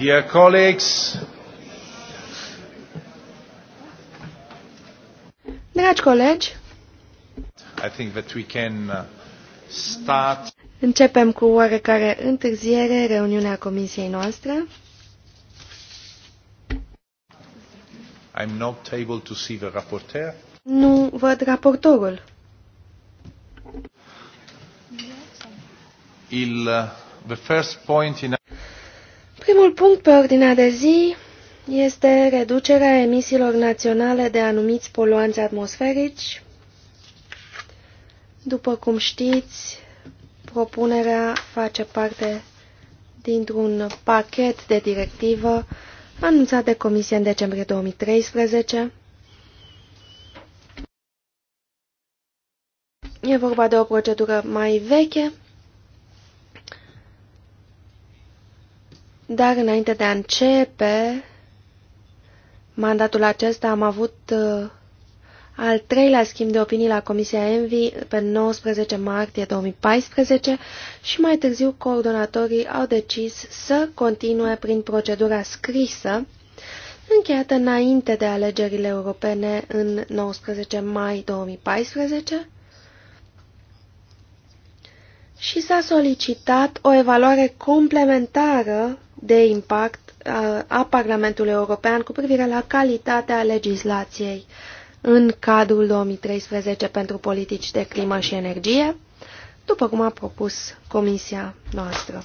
Dear colleagues, Dragi colegi, I think that we can uh, start. Începem cu oarecare întârziere reuniunea comisiei noastre. I'm not able to see the rapporteur. Nu văd raportorul. Il, uh, the first point in Primul punct pe ordinea de zi este reducerea emisiilor naționale de anumiți poluanți atmosferici. După cum știți, propunerea face parte dintr-un pachet de directivă anunțat de Comisie în decembrie 2013. E vorba de o procedură mai veche Dar înainte de a începe mandatul acesta am avut uh, al treilea schimb de opinii la Comisia Envi pe 19 martie 2014 și mai târziu coordonatorii au decis să continue prin procedura scrisă încheiată înainte de alegerile europene în 19 mai 2014 și s-a solicitat o evaluare complementară de impact uh, a Parlamentului European cu privire la calitatea legislației în cadrul 2013 pentru politici de climă și energie, după cum a propus Comisia noastră.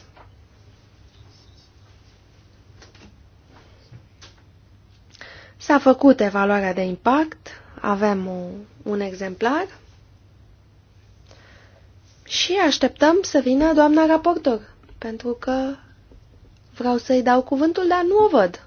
S-a făcut evaluarea de impact, avem o, un exemplar și așteptăm să vină doamna raportor, pentru că Vreau să-i dau cuvântul, dar nu o văd.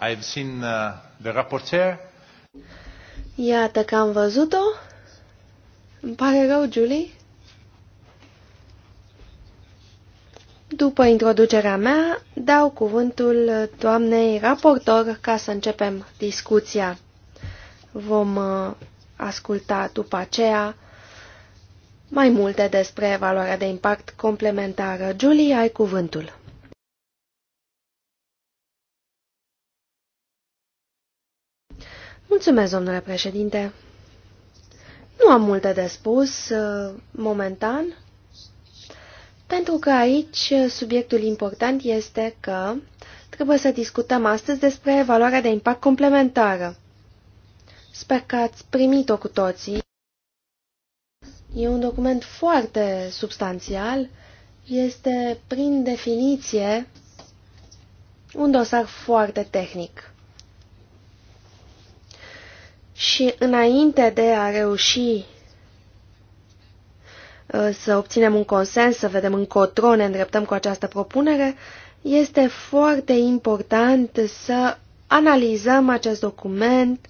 I've seen uh, the rapporteur. Iată că am văzut-o. Îmi pare rău, Julie. După introducerea mea, dau cuvântul doamnei raportor ca să începem discuția. Vom uh, asculta după aceea mai multe despre valoarea de impact complementară. Julie, ai cuvântul. Mulțumesc, domnule președinte. Nu am multe de spus uh, momentan. Pentru că aici subiectul important este că trebuie să discutăm astăzi despre valoarea de impact complementară. Sper că ați primit-o cu toții. E un document foarte substanțial. Este, prin definiție, un dosar foarte tehnic. Și înainte de a reuși Uh, să obținem un consens, să vedem încotro ne îndreptăm cu această propunere, este foarte important să analizăm acest document,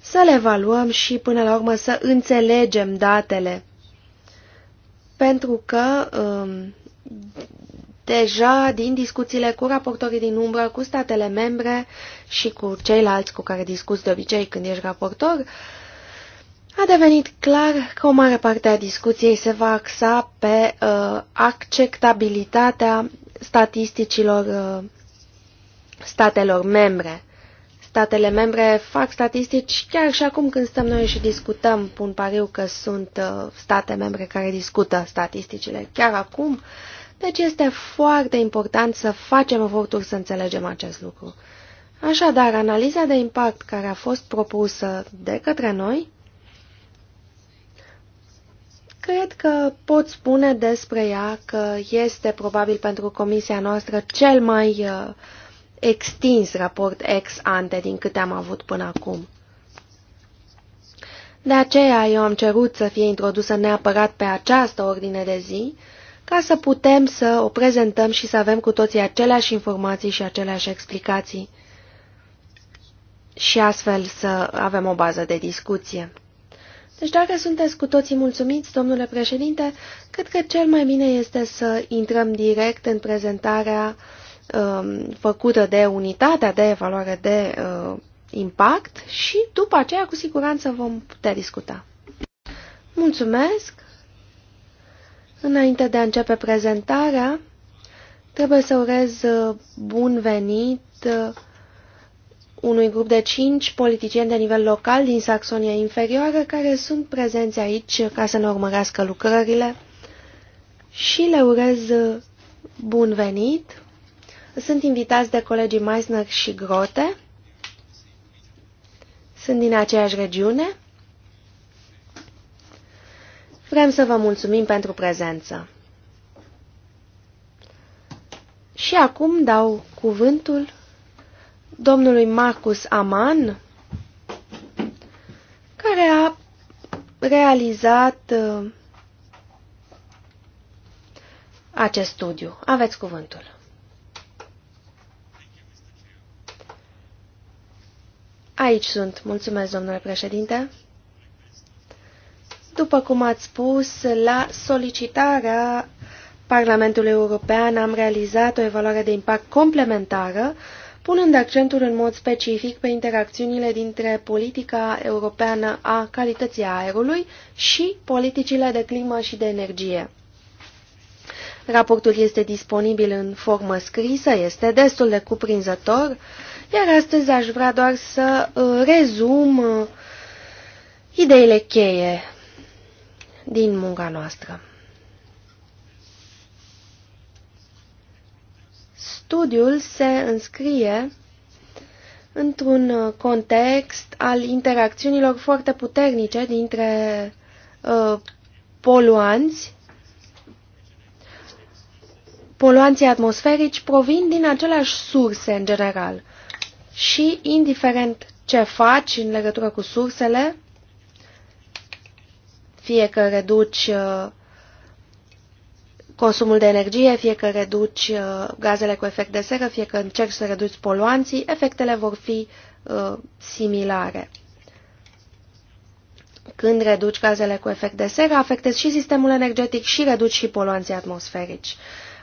să-l evaluăm și până la urmă să înțelegem datele. Pentru că um, deja din discuțiile cu raportorii din umbră, cu statele membre și cu ceilalți cu care discuți de obicei când ești raportor, a devenit clar că o mare parte a discuției se va axa pe uh, acceptabilitatea statisticilor uh, statelor membre. Statele membre fac statistici chiar și acum când stăm noi și discutăm, pun pariu că sunt uh, state membre care discută statisticile chiar acum, deci este foarte important să facem eforturi să înțelegem acest lucru. Așadar, analiza de impact care a fost propusă de către noi Cred că pot spune despre ea că este probabil pentru comisia noastră cel mai uh, extins raport ex ante din câte am avut până acum. De aceea eu am cerut să fie introdusă neapărat pe această ordine de zi, ca să putem să o prezentăm și să avem cu toții aceleași informații și aceleași explicații și astfel să avem o bază de discuție. Deci dacă sunteți cu toții mulțumiți, domnule președinte, cred că cel mai bine este să intrăm direct în prezentarea um, făcută de unitatea de evaluare de uh, impact și după aceea cu siguranță vom putea discuta. Mulțumesc! Înainte de a începe prezentarea, trebuie să urez uh, bun venit uh, unui grup de cinci politicieni de nivel local din Saxonia Inferioară care sunt prezenți aici ca să ne urmărească lucrările și le urez bun venit. Sunt invitați de colegii Meissner și Grote. Sunt din aceeași regiune. Vrem să vă mulțumim pentru prezență. Și acum dau cuvântul domnului Marcus Aman, care a realizat uh, acest studiu. Aveți cuvântul. Aici sunt. Mulțumesc, domnule președinte. După cum ați spus, la solicitarea Parlamentului European am realizat o evaluare de impact complementară uh, punând accentul în mod specific pe interacțiunile dintre politica europeană a calității aerului și politicile de climă și de energie. Raportul este disponibil în formă scrisă, este destul de cuprinzător, iar astăzi aș vrea doar să uh, rezum uh, ideile cheie din munca noastră. Studiul se înscrie într-un uh, context al interacțiunilor foarte puternice dintre uh, poluanți. Poluanții atmosferici provin din aceleași surse în general și, indiferent ce faci în legătură cu sursele, fie că reduci uh, consumul de energie, fie că reduci uh, gazele cu efect de seră, fie că încerci să reduci poluanții, efectele vor fi uh, similare. Când reduci gazele cu efect de seră, afectezi și sistemul energetic și reduci și poluanții atmosferici.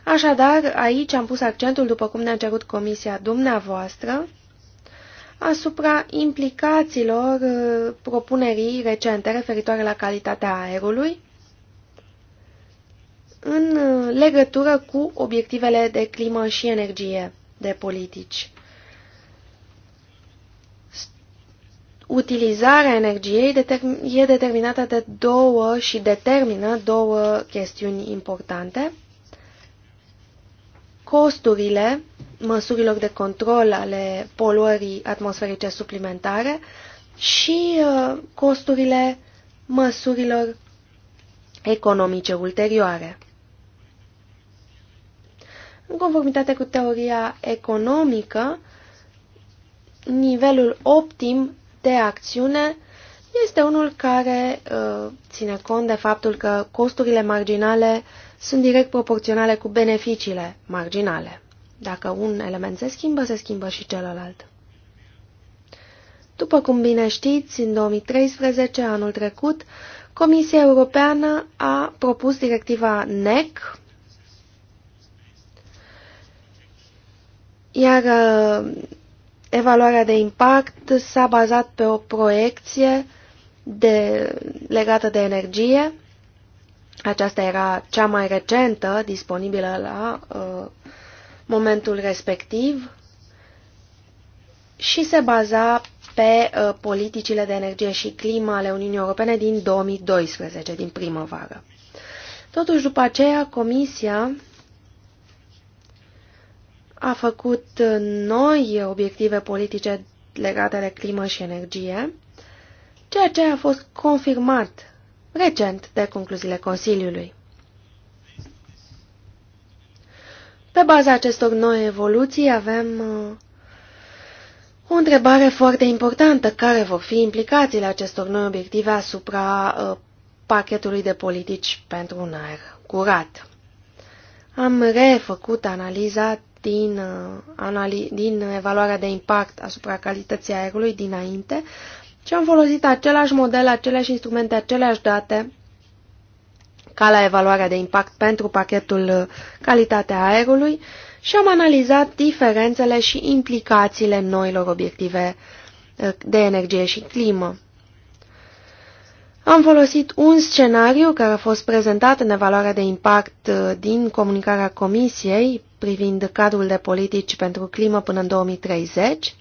Așadar, aici am pus accentul, după cum ne-a cerut comisia dumneavoastră, asupra implicațiilor uh, propunerii recente referitoare la calitatea aerului, în uh, legătură cu obiectivele de climă și energie de politici. Utilizarea energiei e determinată de două și determină două chestiuni importante. Costurile măsurilor de control ale poluării atmosferice suplimentare și uh, costurile măsurilor economice ulterioare. În conformitate cu teoria economică, nivelul optim de acțiune este unul care uh, ține cont de faptul că costurile marginale sunt direct proporționale cu beneficiile marginale. Dacă un element se schimbă, se schimbă și celălalt. După cum bine știți, în 2013, anul trecut, Comisia Europeană a propus directiva NEC Iar uh, evaluarea de impact s-a bazat pe o proiecție de, legată de energie. Aceasta era cea mai recentă disponibilă la uh, momentul respectiv și se baza pe uh, politicile de energie și climă ale Uniunii Europene din 2012, din primăvară. Totuși, după aceea, Comisia a făcut uh, noi obiective politice legate de climă și energie, ceea ce a fost confirmat recent de concluziile Consiliului. Pe baza acestor noi evoluții avem uh, o întrebare foarte importantă, care vor fi implicațiile acestor noi obiective asupra uh, pachetului de politici pentru un aer curat. Am refăcut analiza din, uh, anali din evaluarea de impact asupra calității aerului dinainte și am folosit același model, aceleași instrumente, aceleași date ca la evaluarea de impact pentru pachetul uh, calitatea aerului și am analizat diferențele și implicațiile noilor obiective uh, de energie și climă. Am folosit un scenariu care a fost prezentat în evaluarea de impact din comunicarea Comisiei privind cadrul de politici pentru climă până în 2030,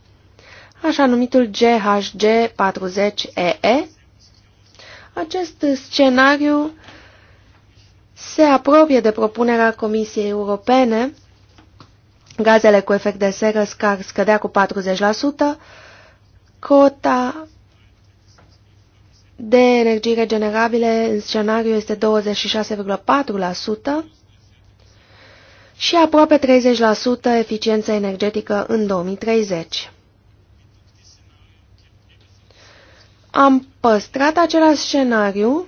așa numitul GHG40EE. Acest scenariu se apropie de propunerea Comisiei Europene. Gazele cu efect de seră scar scădea cu 40%, cota de energii regenerabile în scenariu este 26,4%, și aproape 30% eficiență energetică în 2030. Am păstrat același scenariu,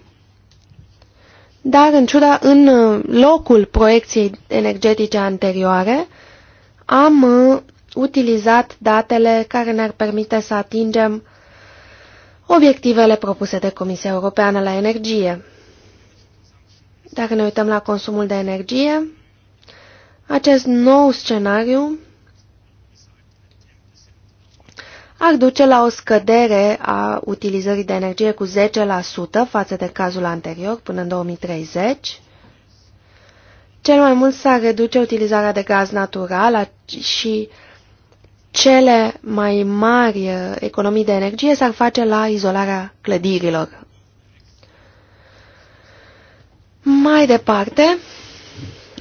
dar în ciuda în locul proiecției energetice anterioare, am uh, utilizat datele care ne-ar permite să atingem obiectivele propuse de Comisia Europeană la energie. Dacă ne uităm la consumul de energie, acest nou scenariu ar duce la o scădere a utilizării de energie cu 10% față de cazul anterior până în 2030. Cel mai mult s-ar reduce utilizarea de gaz natural și cele mai mari economii de energie s-ar face la izolarea clădirilor. Mai departe,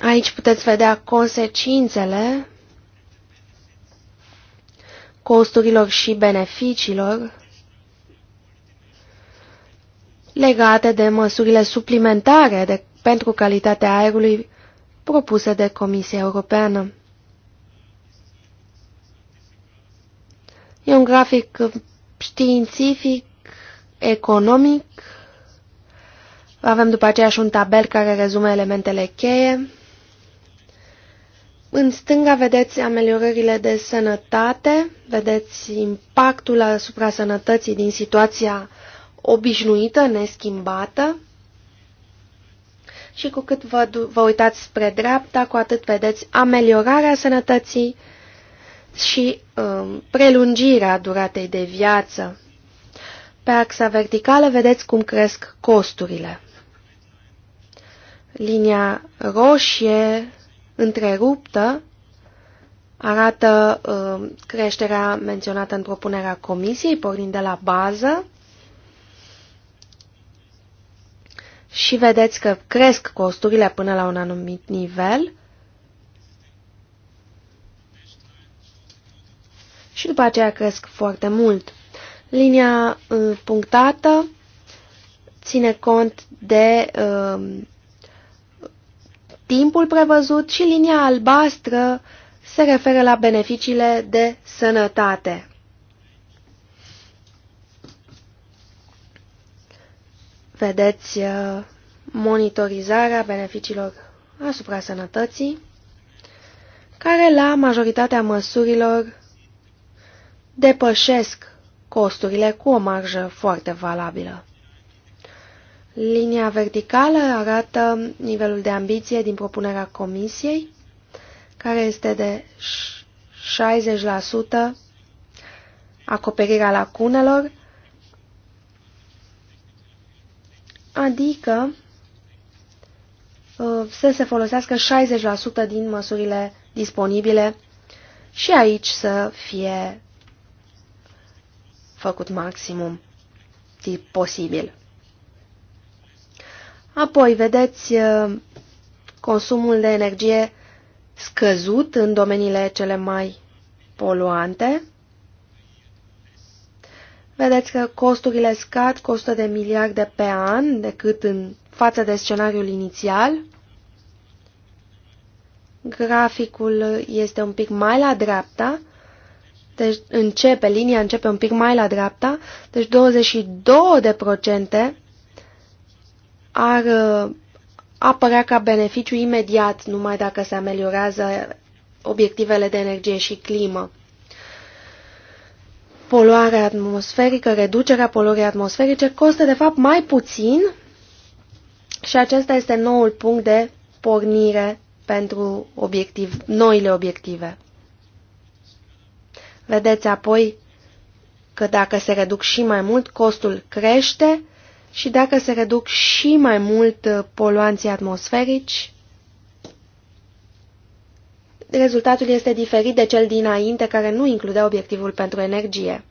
Aici puteți vedea consecințele costurilor și beneficiilor legate de măsurile suplimentare de, pentru calitatea aerului propuse de Comisia Europeană. E un grafic științific, economic. Avem după aceea și un tabel care rezume elementele cheie. În stânga vedeți ameliorările de sănătate, vedeți impactul asupra sănătății din situația obișnuită, neschimbată. Și cu cât vă, vă uitați spre dreapta, cu atât vedeți ameliorarea sănătății și um, prelungirea duratei de viață. Pe axa verticală vedeți cum cresc costurile. Linia roșie întreruptă arată uh, creșterea menționată în propunerea comisiei, pornind de la bază, și vedeți că cresc costurile până la un anumit nivel și după aceea cresc foarte mult. Linia uh, punctată ține cont de uh, timpul prevăzut și linia albastră se referă la beneficiile de sănătate. Vedeți uh, monitorizarea beneficiilor asupra sănătății, care la majoritatea măsurilor depășesc costurile cu o marjă foarte valabilă. Linia verticală arată nivelul de ambiție din propunerea comisiei, care este de 60% acoperirea lacunelor, adică uh, să se folosească 60% din măsurile disponibile și aici să fie făcut maximum posibil. Apoi, vedeți uh, consumul de energie scăzut în domeniile cele mai poluante. Vedeți că costurile scad, costă de miliarde pe an, decât în față de scenariul inițial. Graficul este un pic mai la dreapta, deci începe, linia începe un pic mai la dreapta, deci 22% ar uh, apărea ca beneficiu imediat numai dacă se ameliorează obiectivele de energie și climă. Poluarea atmosferică, reducerea poluării atmosferice costă de fapt mai puțin și acesta este noul punct de pornire pentru obiectiv, noile obiective. Vedeți apoi că dacă se reduc și mai mult, costul crește și dacă se reduc și mai mult uh, poluanții atmosferici, rezultatul este diferit de cel dinainte care nu includea obiectivul pentru energie.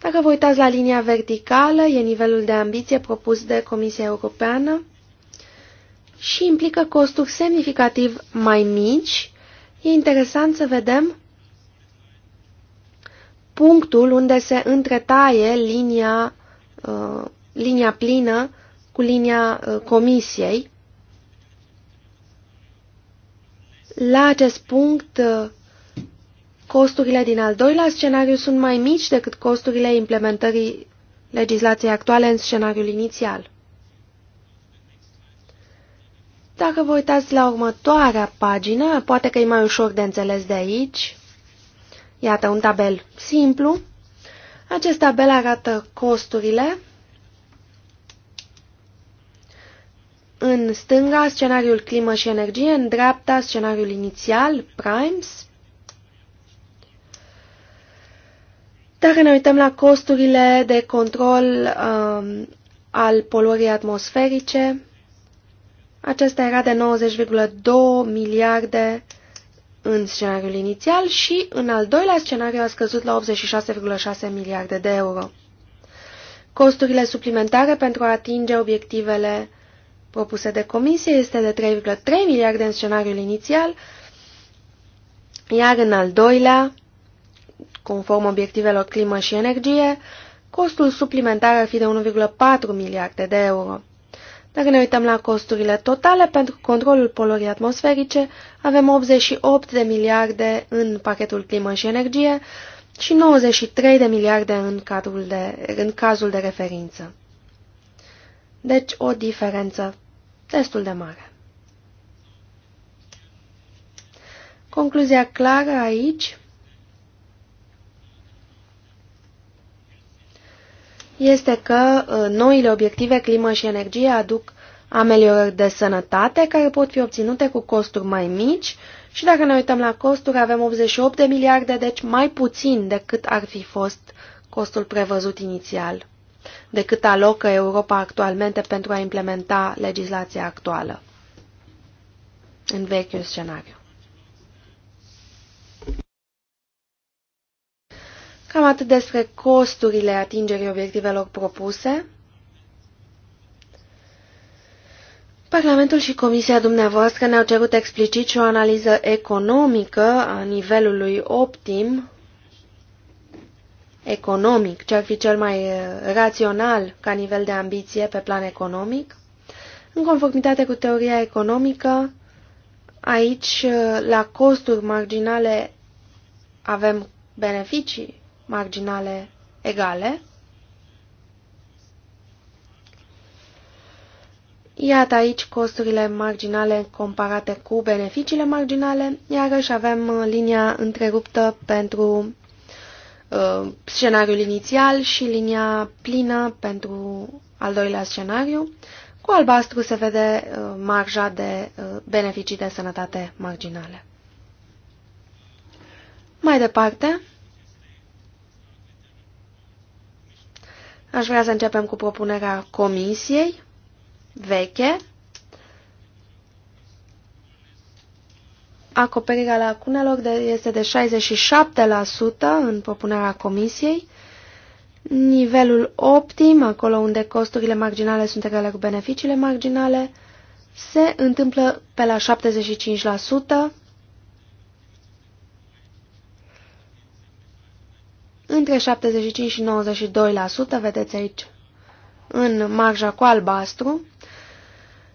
Dacă vă uitați la linia verticală, e nivelul de ambiție propus de Comisia Europeană și implică costuri semnificativ mai mici. E interesant să vedem punctul unde se întretaie linia uh, linia plină cu linia uh, comisiei. La acest punct, uh, costurile din al doilea scenariu sunt mai mici decât costurile implementării legislației actuale în scenariul inițial. Dacă vă uitați la următoarea pagină, poate că e mai ușor de înțeles de aici. Iată un tabel simplu. Acest tabel arată costurile în stânga scenariul climă și energie, în dreapta scenariul inițial, primes. Dacă ne uităm la costurile de control um, al poluării atmosferice, acesta era de 90,2 miliarde în scenariul inițial și în al doilea scenariu a scăzut la 86,6 miliarde de euro. Costurile suplimentare pentru a atinge obiectivele propuse de comisie este de 3,3 miliarde în scenariul inițial, iar în al doilea, conform obiectivelor climă și energie, costul suplimentar ar fi de 1,4 miliarde de euro. Dacă ne uităm la costurile totale pentru controlul polorii atmosferice, avem 88 de miliarde în pachetul climă și energie și 93 de miliarde în, cadrul de, în cazul de referință. Deci o diferență destul de mare. Concluzia clară aici este că uh, noile obiective climă și energie aduc ameliorări de sănătate care pot fi obținute cu costuri mai mici și dacă ne uităm la costuri avem 88 de miliarde, deci mai puțin decât ar fi fost costul prevăzut inițial decât alocă Europa actualmente pentru a implementa legislația actuală în vechiul scenariu. Cam atât despre costurile atingerii obiectivelor propuse. Parlamentul și Comisia dumneavoastră ne-au cerut explicit și o analiză economică a nivelului optim economic, ce ar fi cel mai eh, rațional ca nivel de ambiție pe plan economic. În conformitate cu teoria economică, aici, eh, la costuri marginale, avem beneficii marginale egale. Iată aici costurile marginale comparate cu beneficiile marginale, iarăși avem eh, linia întreruptă pentru uh, scenariul inițial și linia plină pentru al doilea scenariu. Cu albastru se vede uh, marja de uh, beneficii de sănătate marginale. Mai departe, aș vrea să începem cu propunerea comisiei veche acoperirea lacunelor de, este de 67% în propunerea comisiei, nivelul optim, acolo unde costurile marginale sunt egale cu beneficiile marginale, se întâmplă pe la 75%, între 75 și 92%, vedeți aici, în marja cu albastru,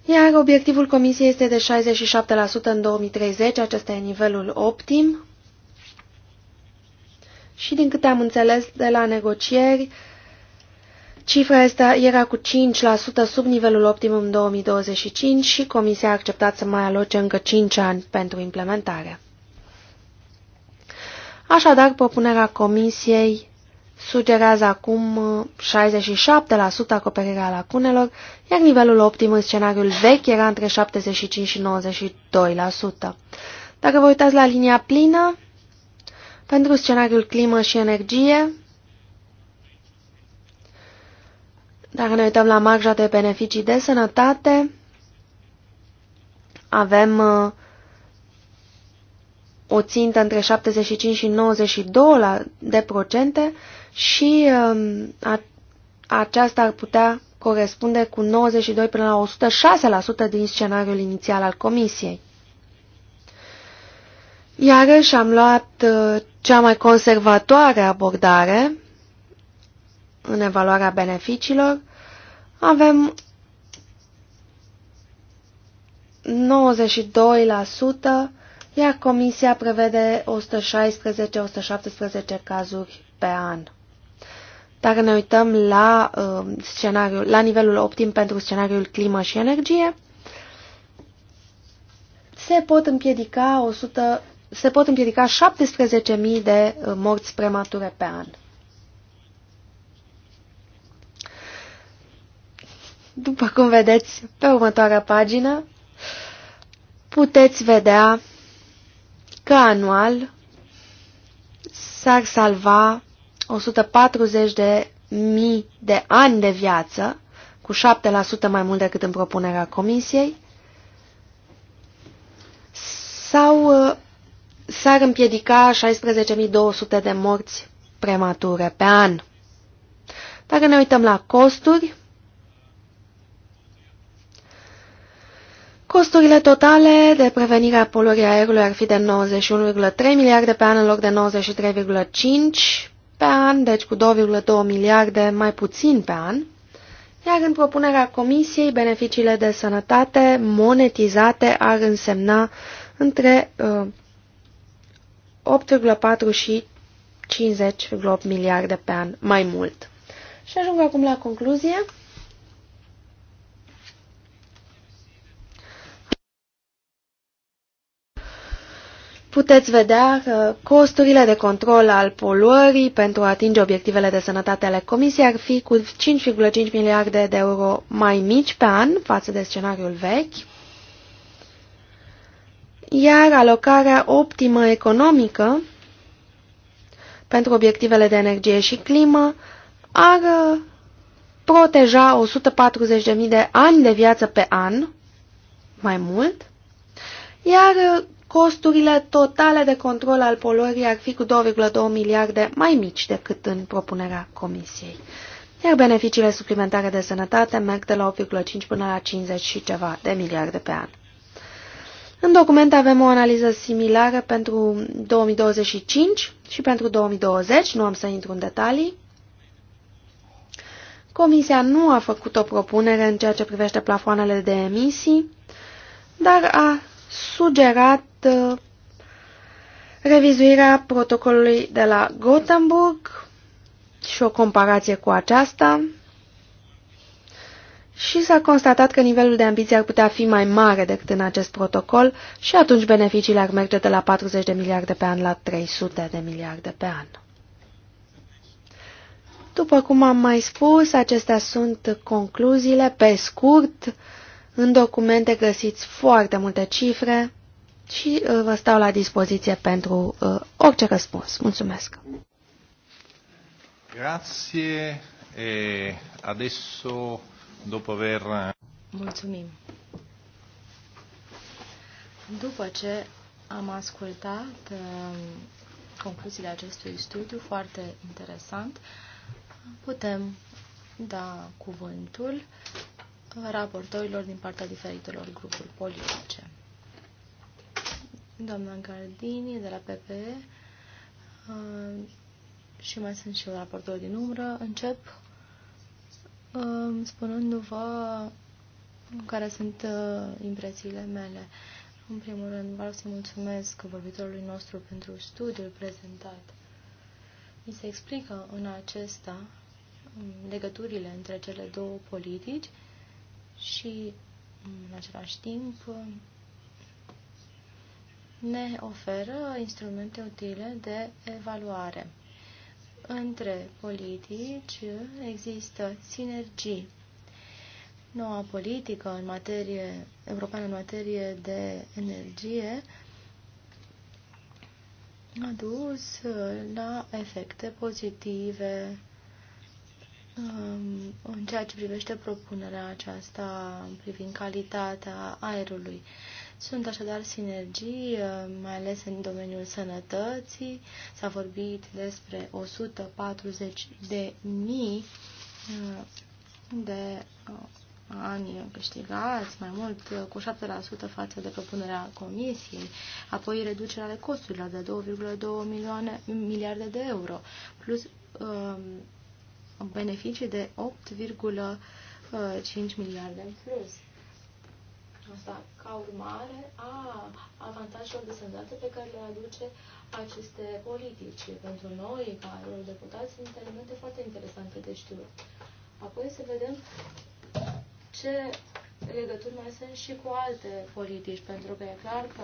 iar obiectivul comisiei este de 67% în 2030, acesta e nivelul optim. Și din câte am înțeles de la negocieri, cifra asta era cu 5% sub nivelul optim în 2025 și comisia a acceptat să mai aloce încă 5 ani pentru implementare. Așadar, propunerea comisiei sugerează acum 67% acoperirea lacunelor, iar nivelul optim în scenariul vechi era între 75 și 92%. Dacă vă uitați la linia plină, pentru scenariul climă și energie, dacă ne uităm la marja de beneficii de sănătate, avem uh, o țintă între 75 și 92% de procente, și um, a, aceasta ar putea corespunde cu 92 până la 106% din scenariul inițial al comisiei. Iarăși am luat uh, cea mai conservatoare abordare în evaluarea beneficiilor. Avem 92%, iar comisia prevede 116-117 cazuri pe an. Dacă ne uităm la, uh, scenariul, la nivelul optim pentru scenariul climă și energie, se pot împiedica 100, se pot împiedica 17.000 de uh, morți premature pe an. După cum vedeți pe următoarea pagină, puteți vedea că anual s-ar salva 140 de mii de ani de viață, cu 7% mai mult decât în propunerea comisiei, sau uh, s-ar împiedica 16.200 de morți premature pe an. Dacă ne uităm la costuri, Costurile totale de prevenire a poluării aerului ar fi de 91,3 miliarde pe an în loc de 93,5 pe an, deci cu 2,2 miliarde mai puțin pe an, iar în propunerea comisiei, beneficiile de sănătate monetizate ar însemna între uh, 8,4 și 50,8 miliarde pe an mai mult. Și ajung acum la concluzie. puteți vedea că uh, costurile de control al poluării pentru a atinge obiectivele de sănătate ale Comisiei ar fi cu 5,5 miliarde de euro mai mici pe an față de scenariul vechi, iar alocarea optimă economică pentru obiectivele de energie și climă ar uh, proteja 140.000 de ani de viață pe an, mai mult, iar uh, costurile totale de control al poluării ar fi cu 2,2 miliarde mai mici decât în propunerea Comisiei, iar beneficiile suplimentare de sănătate merg de la 8,5 până la 50 și ceva de miliarde pe an. În document avem o analiză similară pentru 2025 și pentru 2020, nu am să intru în detalii. Comisia nu a făcut o propunere în ceea ce privește plafoanele de emisii, dar a sugerat uh, revizuirea protocolului de la Gothenburg și o comparație cu aceasta și s-a constatat că nivelul de ambiție ar putea fi mai mare decât în acest protocol și atunci beneficiile ar merge de la 40 de miliarde pe an la 300 de miliarde pe an. După cum am mai spus, acestea sunt concluziile pe scurt în documente găsiți foarte multe cifre și uh, vă stau la dispoziție pentru uh, orice răspuns. Mulțumesc! Grazie. E adesso, dopo aver... Eh, Mulțumim. După ce am ascultat uh, concluziile acestui studiu, foarte interesant, putem da cuvântul raportorilor din partea diferitelor grupuri politice. Doamna Gardini de la PPE, uh, și mai sunt și raportor din umbră. Încep uh, spunându-vă care sunt uh, impresiile mele. În primul rând, vreau să mulțumesc vorbitorului nostru pentru studiul prezentat. Mi se explică în acesta legăturile între cele două politici și, în același timp, ne oferă instrumente utile de evaluare. Între politici există sinergii. Noua politică în materie, europeană în materie de energie a dus la efecte pozitive în ceea ce privește propunerea aceasta privind calitatea aerului. Sunt așadar sinergii, mai ales în domeniul sănătății. S-a vorbit despre 140 de mii uh, de uh, ani câștigați, mai mult uh, cu 7% față de propunerea comisiei, apoi reducerea de costurilor de 2,2 miliarde de euro, plus um, beneficii de 8,5 uh, miliarde în plus. Asta ca urmare a avantajelor de sănătate pe care le aduce aceste politici. Pentru noi, ca deputați, sunt elemente foarte interesante de știut. Apoi să vedem ce legături mai sunt și cu alte politici, pentru că e clar că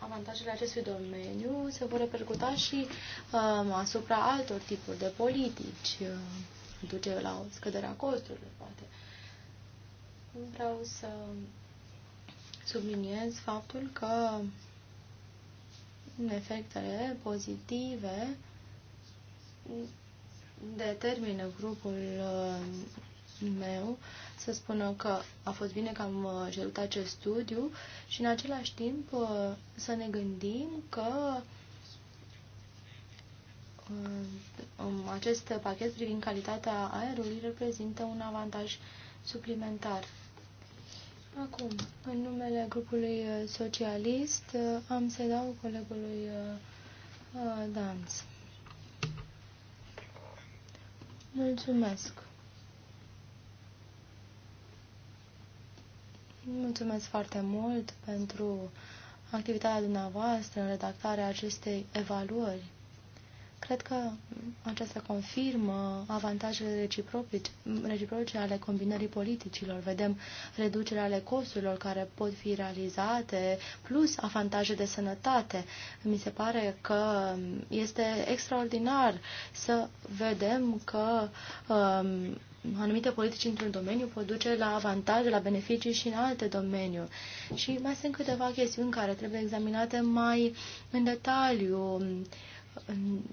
avantajele acestui domeniu se vor repercuta și um, asupra altor tipuri de politici. Uh, duce la o scădere a costurilor, poate. Vreau să subliniez faptul că efectele pozitive determină grupul uh, meu să spună că a fost bine că am uh, cerut acest studiu și în același timp uh, să ne gândim că uh, um, acest pachet privind calitatea aerului reprezintă un avantaj suplimentar. Acum, în numele grupului socialist, am să dau colegului Dans. Mulțumesc. Mulțumesc foarte mult pentru activitatea dumneavoastră în redactarea acestei evaluări. Cred că aceasta confirmă avantajele reciproce ale combinării politicilor. Vedem reducerea ale costurilor care pot fi realizate, plus avantaje de sănătate. Mi se pare că este extraordinar să vedem că um, anumite politici într-un domeniu pot duce la avantaje, la beneficii și în alte domeniu. Și mai sunt câteva chestiuni care trebuie examinate mai în detaliu.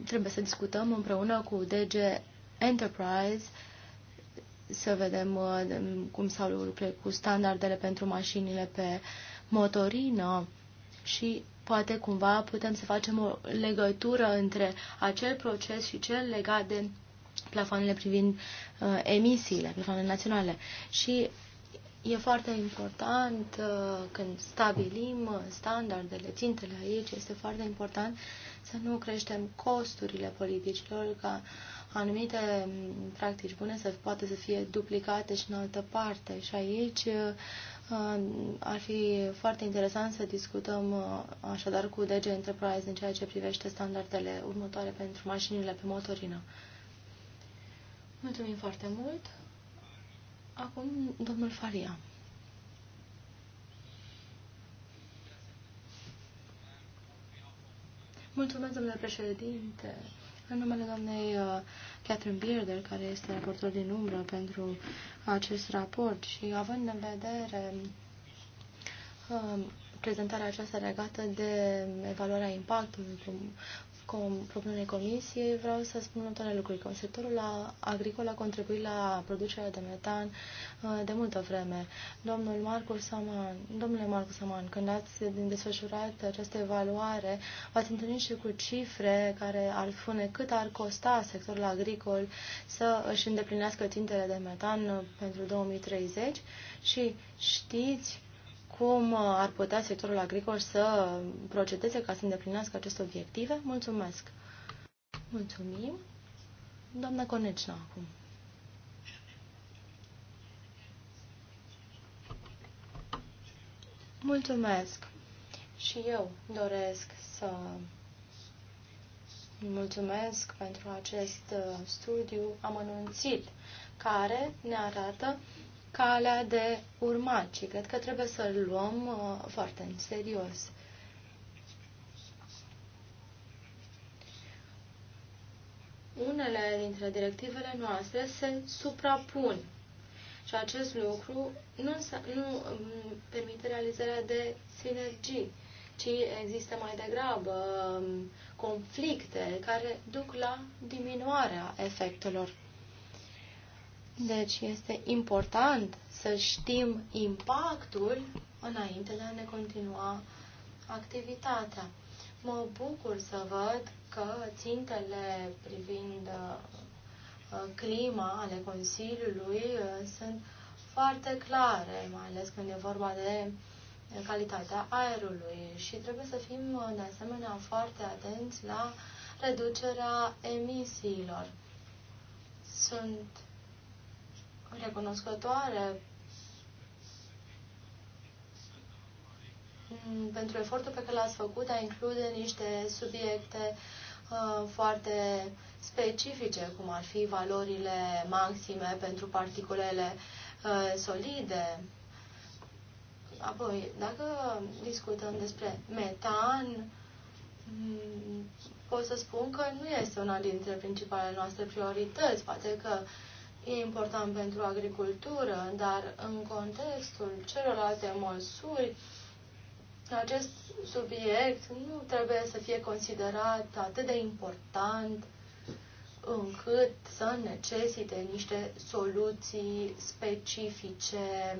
Trebuie să discutăm împreună cu DG Enterprise să vedem uh, cum s-au lucrat cu standardele pentru mașinile pe motorină și poate cumva putem să facem o legătură între acel proces și cel legat de plafoanele privind uh, emisiile, plafoanele naționale. Și e foarte important uh, când stabilim uh, standardele, țintele aici, este foarte important să nu creștem costurile politicilor ca anumite mm, practici bune să poată să fie duplicate și în altă parte. Și aici uh, uh ar fi foarte interesant să discutăm uh, așadar cu DG Enterprise în ceea ce privește standardele următoare pentru mașinile pe motorină. Mulțumim foarte mult. Acum, domnul Faria. Mulțumesc, domnule președinte. În numele doamnei uh, Catherine Bearder, care este raportor din umbră pentru acest raport și având în vedere um, prezentarea aceasta legată de evaluarea impactului, com- propunerii comisiei, vreau să spun următoarele lucruri. Că sectorul agricol a contribuit la producerea de metan uh, de multă vreme. Domnul Marcus Saman, domnule Marcus Saman, când ați desfășurat această evaluare, v-ați întâlnit și cu cifre care ar spune cât ar costa sectorul agricol să își îndeplinească tintele de metan uh, pentru 2030 și știți cum uh, ar putea sectorul agricol să procedeze ca să îndeplinească aceste obiective? Mulțumesc! Mulțumim! Doamna Conecina acum. Mulțumesc! Și eu doresc să mulțumesc pentru acest uh, studiu amănunțit care ne arată calea de urmat și cred că trebuie să-l luăm uh, foarte în serios. Unele dintre directivele noastre se suprapun și acest lucru nu, nu mm, permite realizarea de sinergii, ci există mai degrabă mm, conflicte care duc la diminuarea efectelor deci este important să știm impactul înainte de a ne continua activitatea. Mă bucur să văd că țintele privind uh, clima ale Consiliului uh, sunt foarte clare, mai ales când e vorba de calitatea aerului și trebuie să fim uh, de asemenea foarte atenți la reducerea emisiilor. Sunt recunoscătoare pentru efortul pe care l-ați făcut a include niște subiecte uh, foarte specifice, cum ar fi valorile maxime pentru particulele uh, solide. Apoi, dacă discutăm despre metan, mm, pot să spun că nu este una dintre principalele noastre priorități. Poate că uh, e important pentru agricultură, dar în contextul celorlalte măsuri, acest subiect nu trebuie să fie considerat atât de important încât să necesite niște soluții specifice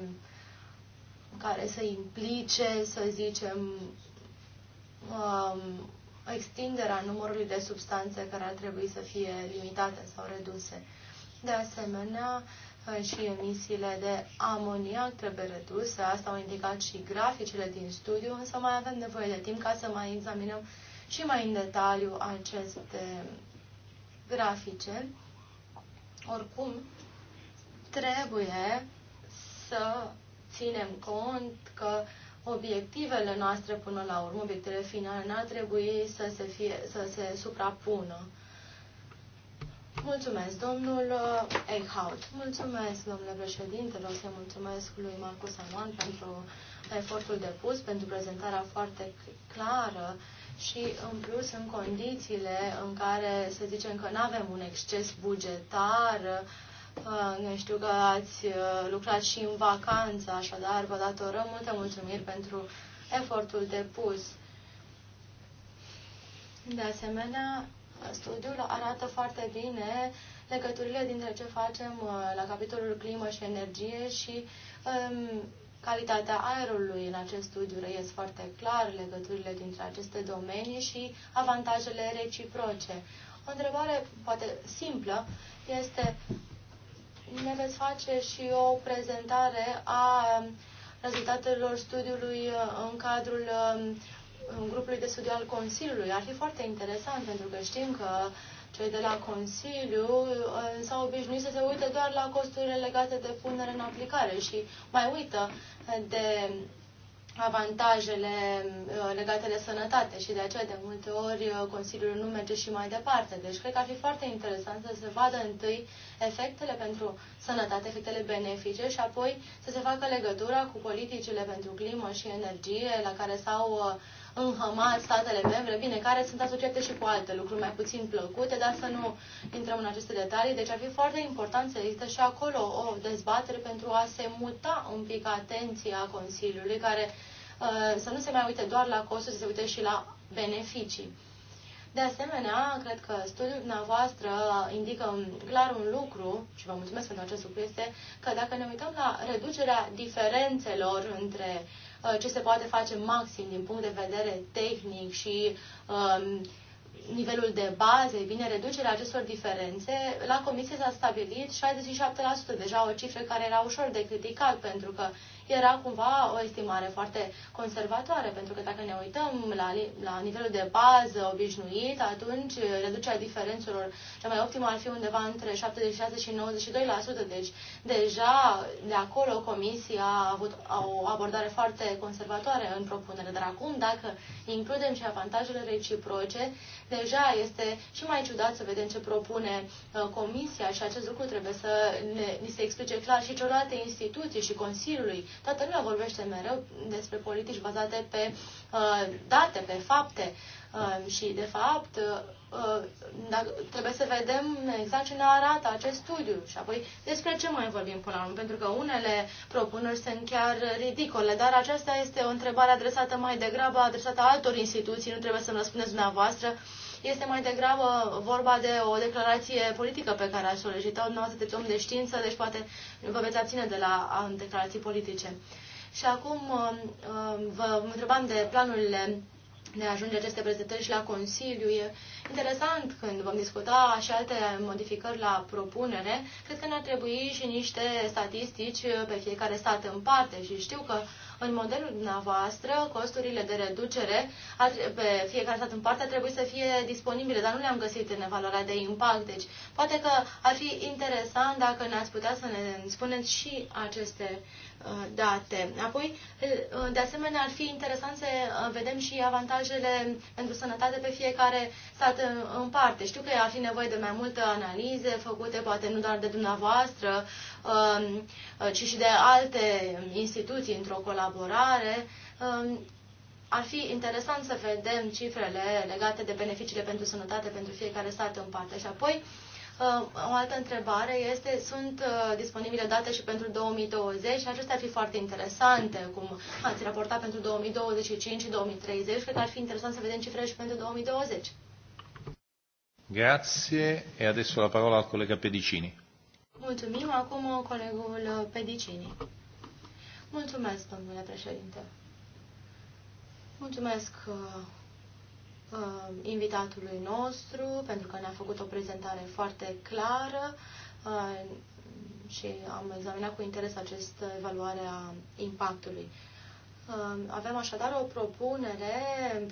care să implice, să zicem, um, extinderea numărului de substanțe care ar trebui să fie limitate sau reduse. De asemenea, uh, și emisiile de amoniac trebuie reduse, asta au indicat și graficele din studiu, însă mai avem nevoie de timp ca să mai examinăm și mai în detaliu aceste grafice. Oricum, trebuie să ținem cont că obiectivele noastre până la urmă, obiectivele finale, n-ar trebui să se, fie, să se suprapună. Mulțumesc, domnul uh, Eichhout. Mulțumesc, domnule președinte. Vreau să mulțumesc lui Marcus Amon pentru efortul depus, pentru prezentarea foarte clară și, în plus, în condițiile în care, să zicem că nu avem un exces bugetar, uh, știu că ați uh, lucrat și în vacanță, așadar vă datorăm multe mulțumiri pentru efortul depus. De asemenea, studiul arată foarte bine legăturile dintre ce facem uh, la capitolul climă și energie și um, calitatea aerului în acest studiu reies foarte clar legăturile dintre aceste domenii și avantajele reciproce. O întrebare poate simplă este ne veți face și o prezentare a um, rezultatelor studiului uh, în cadrul um, grupului de studiu al Consiliului. Ar fi foarte interesant pentru că știm că cei de la Consiliu uh, s-au obișnuit să se uite doar la costurile legate de punere în aplicare și mai uită de avantajele uh, legate de sănătate și de aceea de multe ori uh, Consiliul nu merge și mai departe. Deci cred că ar fi foarte interesant să se vadă întâi efectele pentru sănătate, efectele benefice și apoi să se facă legătura cu politicile pentru climă și energie la care s-au în Hamas, statele membre, bine, care sunt asociate și cu alte lucruri mai puțin plăcute, dar să nu intrăm în aceste detalii. Deci ar fi foarte important să există și acolo o dezbatere pentru a se muta un pic atenția Consiliului, care uh, să nu se mai uite doar la costuri, să se uite și la beneficii. De asemenea, cred că studiul dumneavoastră indică clar un lucru, și vă mulțumesc pentru acest lucru, este că dacă ne uităm la reducerea diferențelor între uh, Uh, ce se poate face maxim din punct de vedere tehnic și um, nivelul de bază, vine reducerea acestor diferențe, la comisie s-a stabilit 67%, deja o cifră care era ușor de criticat, pentru că era cumva o estimare foarte conservatoare, pentru că dacă ne uităm la, la nivelul de bază obișnuit, atunci uh, reducerea diferențelor cea mai optimă ar fi undeva între 76 și 92%, deci deja de acolo Comisia a avut o abordare foarte conservatoare în propunere, dar acum dacă includem și avantajele reciproce, deja este și mai ciudat să vedem ce propune uh, Comisia și acest lucru trebuie să ne, ni se explice clar și celorlalte instituții și Consiliului Toată lumea vorbește mereu despre politici bazate pe uh, date, pe fapte, Um, și, de fapt, uh, da, trebuie să vedem exact ce ne arată acest studiu și apoi despre ce mai vorbim până la pentru că unele propuneri sunt chiar ridicole, dar aceasta este o întrebare adresată mai degrabă, adresată altor instituții, nu trebuie să-mi răspundeți dumneavoastră. Este mai degrabă vorba de o declarație politică pe care aș solicita-o, dumneavoastră de om de știință, deci poate vă veți abține de la declarații politice. Și acum um, um, vă întrebam de planurile ne ajunge aceste prezentări și la Consiliu. E interesant când vom discuta și alte modificări la propunere. Cred că ne-ar trebui și niște statistici pe fiecare stat în parte și știu că în modelul dumneavoastră costurile de reducere pe fiecare stat în parte ar trebui să fie disponibile, dar nu le-am găsit în evaluarea de impact. Deci poate că ar fi interesant dacă ne-ați putea să ne spuneți și aceste uh, date. Apoi, de asemenea, ar fi interesant să uh, vedem și avantajele pentru sănătate pe fiecare stat în parte. Știu că ar fi nevoie de mai multe analize făcute, poate nu doar de dumneavoastră, um, uh, ci și de alte instituții într-o colaborare. Um, ar fi interesant să vedem cifrele legate de beneficiile pentru sănătate pentru fiecare stat în parte. Și apoi, o altă întrebare este, sunt uh, disponibile date și pentru 2020 și acestea ar fi foarte interesante, cum ați raportat pentru 2025 și 2030. Cred că ar fi interesant să vedem cifrele și pentru 2020. Grazie e adesso la parola al collega Pedicini. Mulțumim, acum uh, colegul uh, Pedicini. Mulțumesc, domnule președinte. Mulțumesc uh, invitatului nostru, pentru că ne-a făcut o prezentare foarte clară uh, și am examinat cu interes această uh, evaluare a impactului. Uh, avem așadar o propunere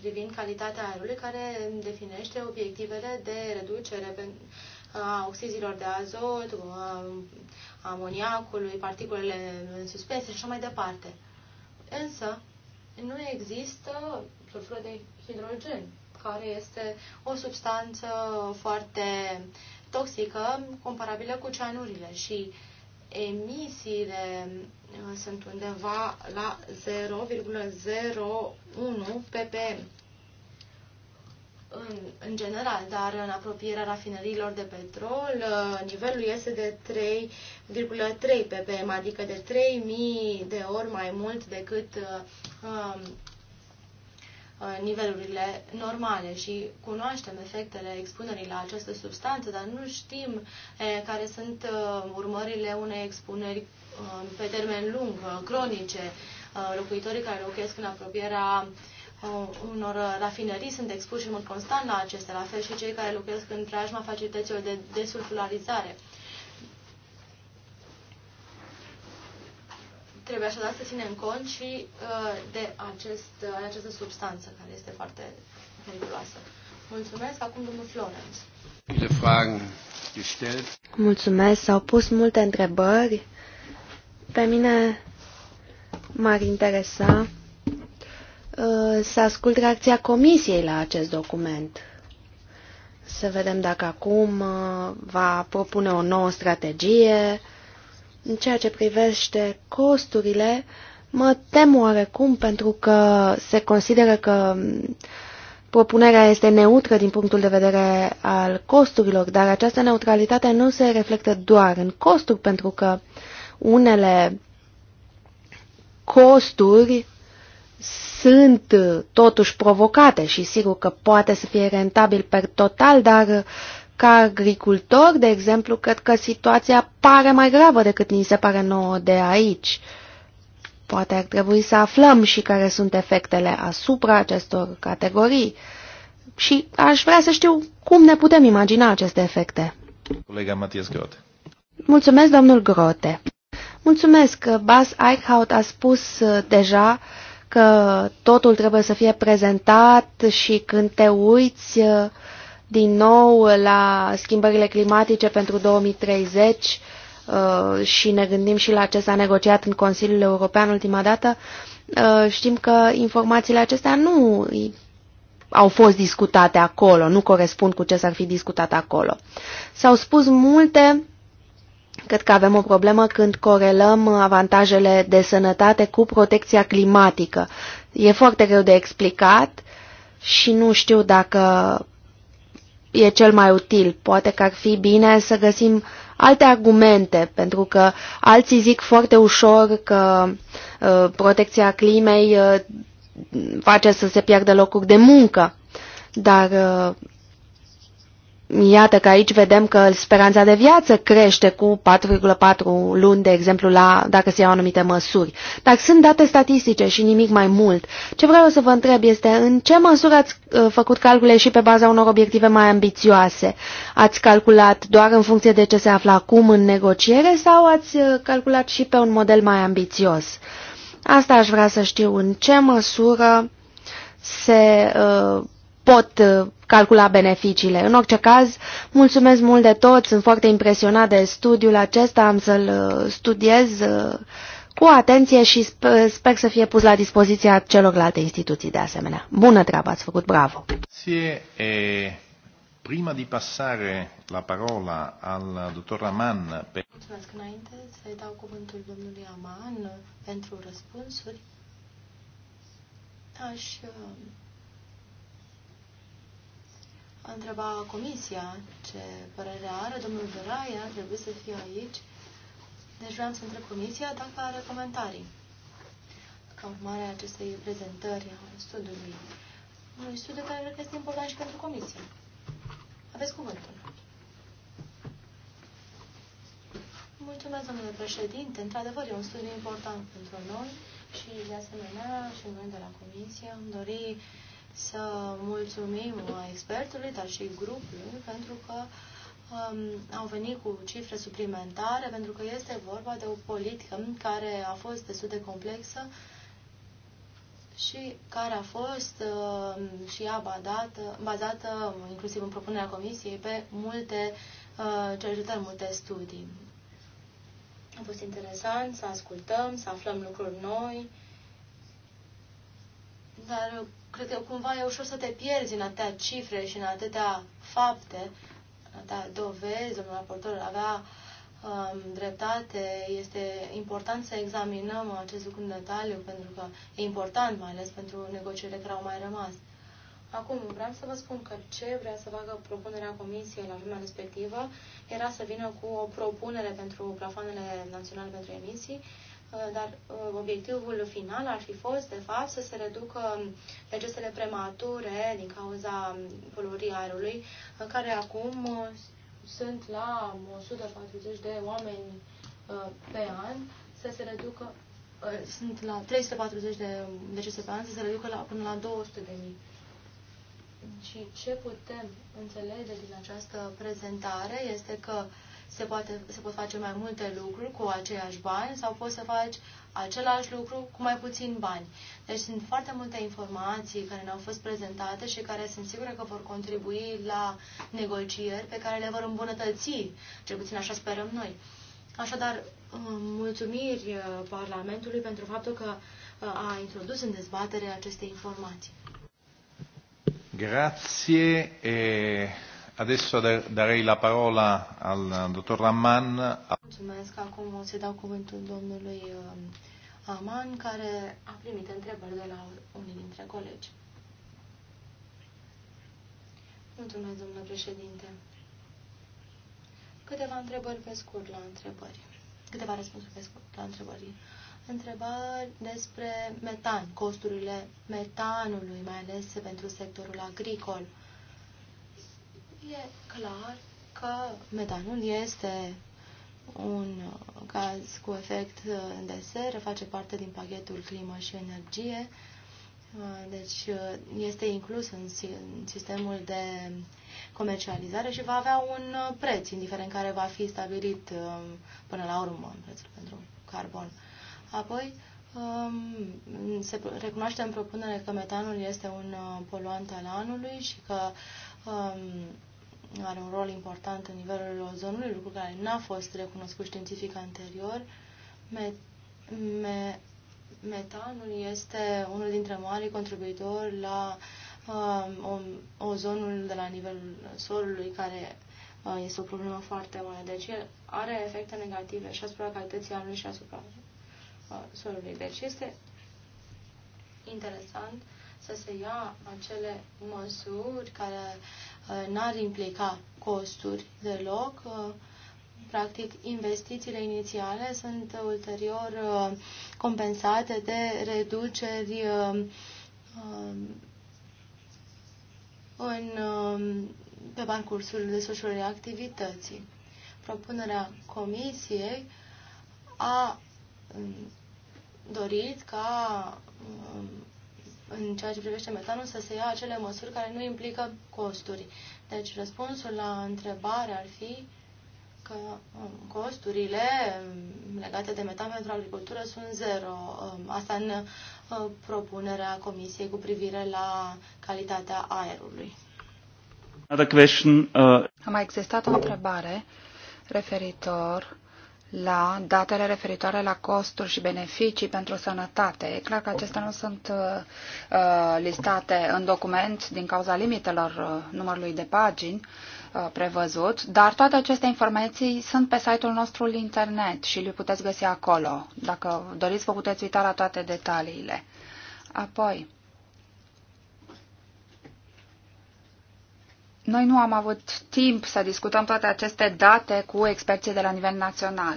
privind calitatea aerului care definește obiectivele de reducere a oxizilor de azot, a amoniacului, particulele în suspensie și așa mai departe. Însă, nu există sulfură de hidrogen care este o substanță foarte toxică, comparabilă cu ceanurile și emisiile uh, sunt undeva la 0,01 ppm în, în general, dar în apropierea rafinărilor de petrol, uh, nivelul este de 3,3 ppm, adică de 3000 de ori mai mult decât uh, um, Uh, nivelurile normale și cunoaștem efectele expunerii la această substanță, dar nu știm care sunt uh, urmările unei expuneri uh, pe termen lung, cronice. Locuitorii care locuiesc în apropierea unor rafinării sunt expuși în mod constant la acestea, la fel și cei care locuiesc în preajma facilităților de desulfularizare. Trebuie așadar să ținem cont și uh, de acest, uh, această substanță care este foarte periculoasă. Mulțumesc. Acum domnul Florence. Mulțumesc. S-au pus multe întrebări. Pe mine m-ar interesa uh, să ascult reacția Comisiei la acest document. Să vedem dacă acum va propune o nouă strategie, în ceea ce privește costurile, mă tem oarecum pentru că se consideră că propunerea este neutră din punctul de vedere al costurilor, dar această neutralitate nu se reflectă doar în costuri, pentru că unele costuri sunt totuși provocate și sigur că poate să fie rentabil per total, dar ca agricultor, de exemplu, cred că situația pare mai gravă decât ni se pare nouă de aici. Poate ar trebui să aflăm și care sunt efectele asupra acestor categorii. Și aș vrea să știu cum ne putem imagina aceste efecte. Colega Matias Grote. Mulțumesc, domnul Grote. Mulțumesc. că Bas Eichhout a spus uh, deja că totul trebuie să fie prezentat și când te uiți uh, din nou la schimbările climatice pentru 2030 uh, și ne gândim și la ce s-a negociat în Consiliul European ultima dată, uh, știm că informațiile acestea nu au fost discutate acolo, nu corespund cu ce s-ar fi discutat acolo. S-au spus multe, cred că avem o problemă când corelăm avantajele de sănătate cu protecția climatică. E foarte greu de explicat și nu știu dacă e cel mai util. Poate că ar fi bine să găsim alte argumente, pentru că alții zic foarte ușor că uh, protecția climei uh, face să se piardă locuri de muncă, dar uh, Iată că aici vedem că speranța de viață crește cu 4,4 luni, de exemplu, la, dacă se iau anumite măsuri. Dar sunt date statistice și nimic mai mult. Ce vreau să vă întreb este în ce măsură ați uh, făcut calcule și pe baza unor obiective mai ambițioase? Ați calculat doar în funcție de ce se află acum în negociere sau ați uh, calculat și pe un model mai ambițios? Asta aș vrea să știu în ce măsură se uh, pot uh, calcula beneficiile. În orice caz, mulțumesc mult de tot, sunt foarte impresionat de studiul acesta, am să-l uh, studiez uh, cu atenție și uh, sper, să fie pus la dispoziția celorlalte instituții de asemenea. Bună treabă, ați făcut, bravo! Prima de pasare la parola al dottor Aman... Pe... Mulțumesc. Înainte să-i dau cuvântul domnului Aman pentru răspunsuri, aș întreba comisia ce părere are. Domnul Veraia trebuie să fie aici. Deci vreau să întreb comisia dacă are comentarii. Ca urmare a acestei prezentări a studiului, unui studiu care cred că este important și pentru comisie. Aveți cuvântul. Mulțumesc, domnule președinte. Într-adevăr, e un studiu important pentru noi și, de asemenea, și noi de la comisie am dorit să mulțumim uh, expertului, dar și grupului, pentru că um, au venit cu cifre suplimentare, pentru că este vorba de o politică care a fost destul de complexă și care a fost uh, și ea bazată, bazată, inclusiv în propunerea comisiei, pe multe uh, cercetări, multe studii. A fost interesant să ascultăm, să aflăm lucruri noi, dar cred că cumva e ușor să te pierzi în atâtea cifre și în atâtea fapte, în atâtea dovezi, domnul raportor avea um, dreptate, este important să examinăm acest lucru în detaliu, pentru că e important, mai ales pentru negocierile care au mai rămas. Acum, vreau să vă spun că ce vrea să facă propunerea Comisiei la vremea respectivă era să vină cu o propunere pentru plafoanele naționale pentru emisii, Uh, dar uh, obiectivul final ar fi fost, de fapt, să se reducă decesele um, premature din cauza um, poluării aerului, uh, care acum sunt la 140 um, de oameni pe an, să se reducă sunt la 340 de decese pe an, să se reducă la, până la 200 de mii. Și ce putem înțelege din această prezentare este că uh, se, poate, se pot face mai multe lucruri cu aceiași bani sau poți să faci același lucru cu mai puțin bani. Deci sunt foarte multe informații care ne-au fost prezentate și care sunt sigură că vor contribui la negocieri pe care le vor îmbunătăți, cel puțin așa sperăm noi. Așadar, uh, mulțumiri uh, Parlamentului pentru faptul că uh, a introdus în dezbatere aceste informații. Grazie. E... Adesso darei la parola al uh, dottor Raman. Mulțumesc. Acum o să dau cuvântul domnului uh, Aman, care a primit întrebări de la unii dintre colegi. Mulțumesc, domnule președinte. Câteva întrebări pe scurt la întrebări. Câteva răspunsuri pe scurt la întrebări. Întrebări despre metan, costurile metanului, mai ales pentru sectorul agricol. E clar că metanul este un uh, gaz cu efect uh, de seră, face parte din pachetul climă și energie, uh, deci este inclus în sistemul de comercializare și va avea un preț, indiferent care va fi stabilit um, până la urmă prețul pentru carbon. Apoi, um, se recunoaște în propunere că metanul este un poluant al anului și că um, are un rol important în nivelul ozonului, lucru care n-a fost recunoscut științific anterior. Met me metanul este unul dintre marii contribuitori la uh, ozonul de la nivelul solului, care uh, este o problemă foarte mare. Deci el are efecte negative și asupra calității anului și asupra uh, solului. Deci este interesant să se ia acele măsuri care uh, Uh, n-ar implica costuri deloc. Uh, practic, investițiile inițiale sunt ulterior uh, compensate de reduceri um, în, um, pe parcursul desfășurării activității. Propunerea comisiei a um, dorit ca în ceea ce privește metanul, să se ia acele măsuri care nu implică costuri. Deci răspunsul la întrebare ar fi că um, costurile um, legate de metan pentru agricultură sunt zero. Um, asta în uh, propunerea Comisiei cu privire la calitatea aerului. Question, uh... A mai existat o întrebare referitor la datele referitoare la costuri și beneficii pentru sănătate. E clar că acestea nu sunt uh, uh, listate în document din cauza limitelor uh, numărului de pagini uh, prevăzut, dar toate aceste informații sunt pe site-ul nostru internet și le puteți găsi acolo. Dacă doriți, vă puteți uita la toate detaliile. Apoi, Noi nu am avut timp să discutăm toate aceste date cu experții de la nivel național.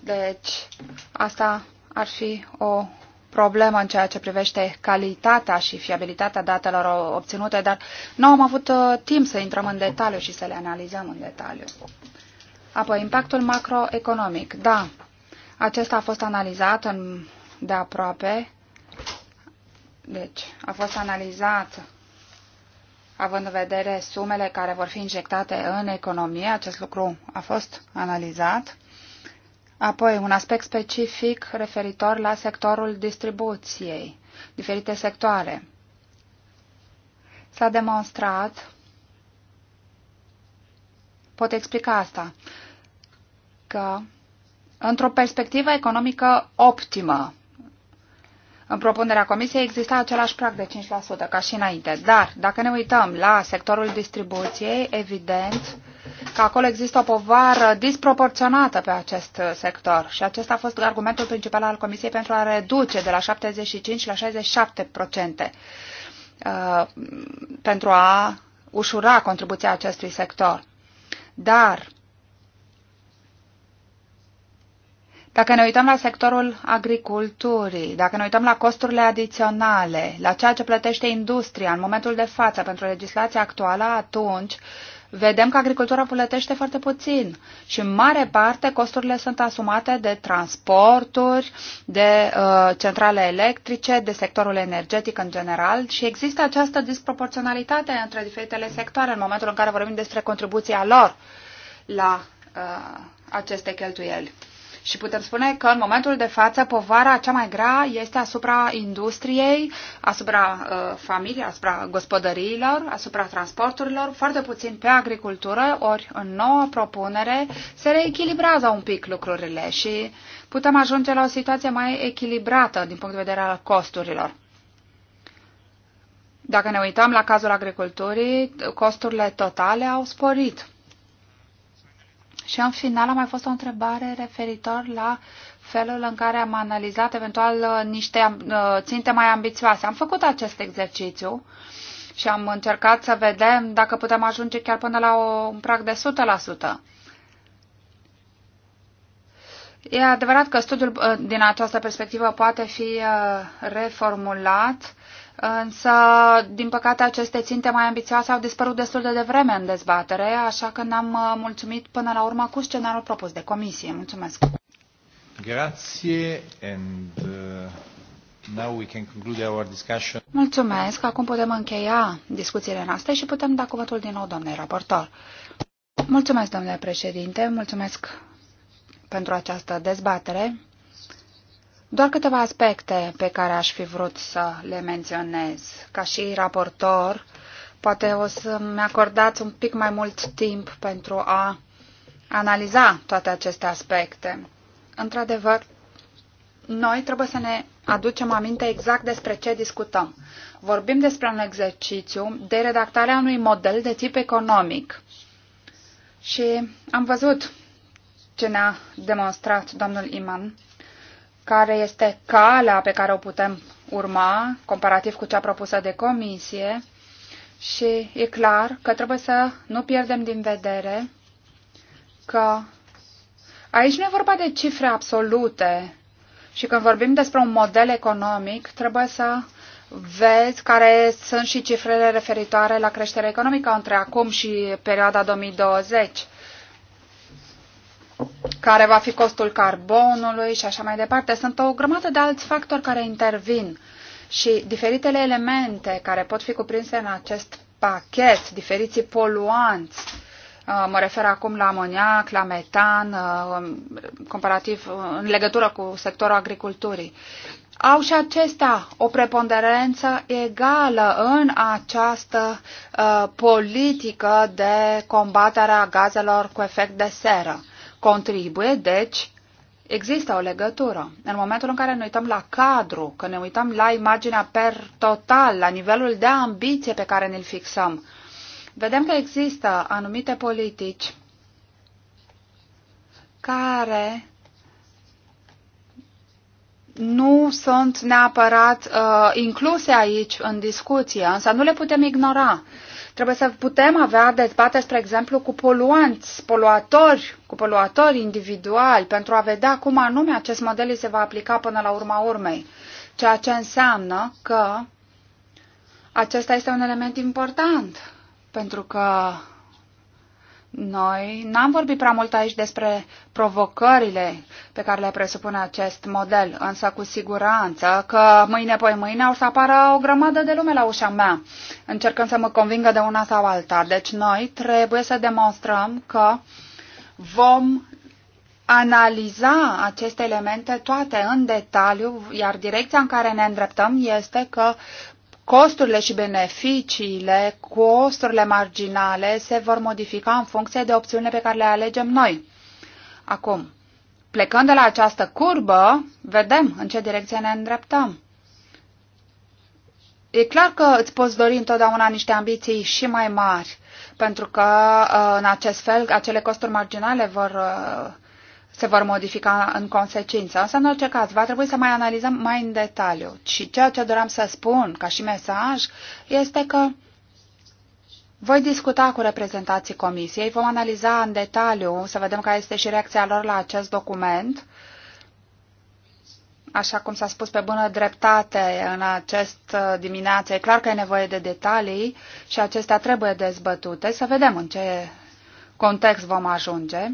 Deci, asta ar fi o problemă în ceea ce privește calitatea și fiabilitatea datelor obținute, dar nu am avut uh, timp să intrăm în detaliu și să le analizăm în detaliu. Apoi, impactul macroeconomic. Da, acesta a fost analizat în, de aproape. Deci, a fost analizat având în vedere sumele care vor fi injectate în economie. Acest lucru a fost analizat. Apoi, un aspect specific referitor la sectorul distribuției, diferite sectoare. S-a demonstrat, pot explica asta, că într-o perspectivă economică optimă, în propunerea comisiei exista același prag de 5% ca și înainte, dar dacă ne uităm la sectorul distribuției, evident că acolo există o povară disproporționată pe acest sector și acesta a fost argumentul principal al comisiei pentru a reduce de la 75 la 67% uh, pentru a ușura contribuția acestui sector. Dar Dacă ne uităm la sectorul agriculturii, dacă ne uităm la costurile adiționale, la ceea ce plătește industria în momentul de față pentru legislația actuală, atunci vedem că agricultura plătește foarte puțin și în mare parte costurile sunt asumate de transporturi, de uh, centrale electrice, de sectorul energetic în general și există această disproporționalitate între diferitele sectoare în momentul în care vorbim despre contribuția lor la uh, aceste cheltuieli. Și putem spune că în momentul de față povara cea mai grea este asupra industriei, asupra uh, familiei, asupra gospodăriilor, asupra transporturilor, foarte puțin pe agricultură, ori în nouă propunere se reechilibrează un pic lucrurile și putem ajunge la o situație mai echilibrată din punct de vedere al costurilor. Dacă ne uităm la cazul agriculturii, costurile totale au sporit. Și în final a mai fost o întrebare referitor la felul în care am analizat eventual uh, niște uh, ținte mai ambițioase. Am făcut acest exercițiu și am încercat să vedem dacă putem ajunge chiar până la un prag de 100%. E adevărat că studiul uh, din această perspectivă poate fi reformulat Însă, din păcate, aceste ținte mai ambițioase au dispărut destul de devreme în dezbatere, așa că ne-am uh, mulțumit până la urmă cu scenariul propus de comisie. Mulțumesc! Grazie and uh, now we can conclude our discussion. Mulțumesc! Acum putem încheia discuțiile noastre și putem da cuvântul din nou, domnule raportor. Mulțumesc, domnule președinte, mulțumesc pentru această dezbatere. Doar câteva aspecte pe care aș fi vrut să le menționez. Ca și raportor, poate o să-mi acordați un pic mai mult timp pentru a analiza toate aceste aspecte. Într-adevăr, noi trebuie să ne aducem aminte exact despre ce discutăm. Vorbim despre un exercițiu de redactare a unui model de tip economic. Și am văzut ce ne-a demonstrat domnul Iman care este calea pe care o putem urma, comparativ cu cea propusă de comisie, și e clar că trebuie să nu pierdem din vedere că aici nu e vorba de cifre absolute și când vorbim despre un model economic, trebuie să vezi care sunt și cifrele referitoare la creșterea economică între acum și perioada 2020 care va fi costul carbonului și așa mai departe. Sunt o grămadă de alți factori care intervin și diferitele elemente care pot fi cuprinse în acest pachet, diferiții poluanți, uh, mă refer acum la amoniac, la metan, uh, comparativ uh, în legătură cu sectorul agriculturii, au și acestea o preponderență egală în această uh, politică de combatere a gazelor cu efect de seră contribuie, deci există o legătură. În momentul în care ne uităm la cadru, când ne uităm la imaginea per total, la nivelul de ambiție pe care ne-l fixăm, vedem că există anumite politici care nu sunt neapărat uh, incluse aici în discuție, însă nu le putem ignora. Trebuie să putem avea dezbateri, spre exemplu, cu poluanți, poluatori, cu poluatori individuali, pentru a vedea cum anume acest model se va aplica până la urma urmei. Ceea ce înseamnă că acesta este un element important, pentru că noi n-am vorbit prea mult aici despre provocările pe care le presupune acest model, însă cu siguranță că mâine, poi mâine, o să apară o grămadă de lume la ușa mea, încercând să mă convingă de una sau alta. Deci noi trebuie să demonstrăm că vom analiza aceste elemente toate în detaliu, iar direcția în care ne îndreptăm este că costurile și beneficiile, costurile marginale se vor modifica în funcție de opțiunile pe care le alegem noi. Acum, plecând de la această curbă, vedem în ce direcție ne îndreptăm. E clar că îți poți dori întotdeauna niște ambiții și mai mari, pentru că uh, în acest fel acele costuri marginale vor uh, se vor modifica în consecință. Însă, în orice caz, va trebui să mai analizăm mai în detaliu. Și ceea ce doream să spun ca și mesaj este că voi discuta cu reprezentanții comisiei, vom analiza în detaliu să vedem care este și reacția lor la acest document. Așa cum s-a spus pe bună dreptate în acest uh, dimineață, e clar că e nevoie de detalii și acestea trebuie dezbătute, să vedem în ce context vom ajunge.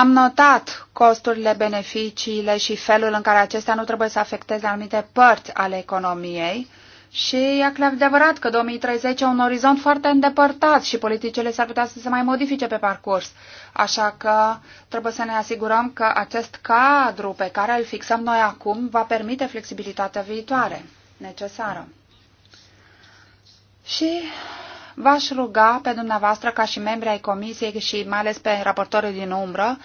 Am notat costurile, beneficiile și felul în care acestea nu trebuie să afecteze anumite părți ale economiei și e adevărat că 2030 e un orizont foarte îndepărtat și politicile s-ar putea să se mai modifice pe parcurs. Așa că trebuie să ne asigurăm că acest cadru pe care îl fixăm noi acum va permite flexibilitatea viitoare necesară. Și v-aș ruga pe dumneavoastră ca și membri ai comisiei și mai ales pe raportorii din umbră,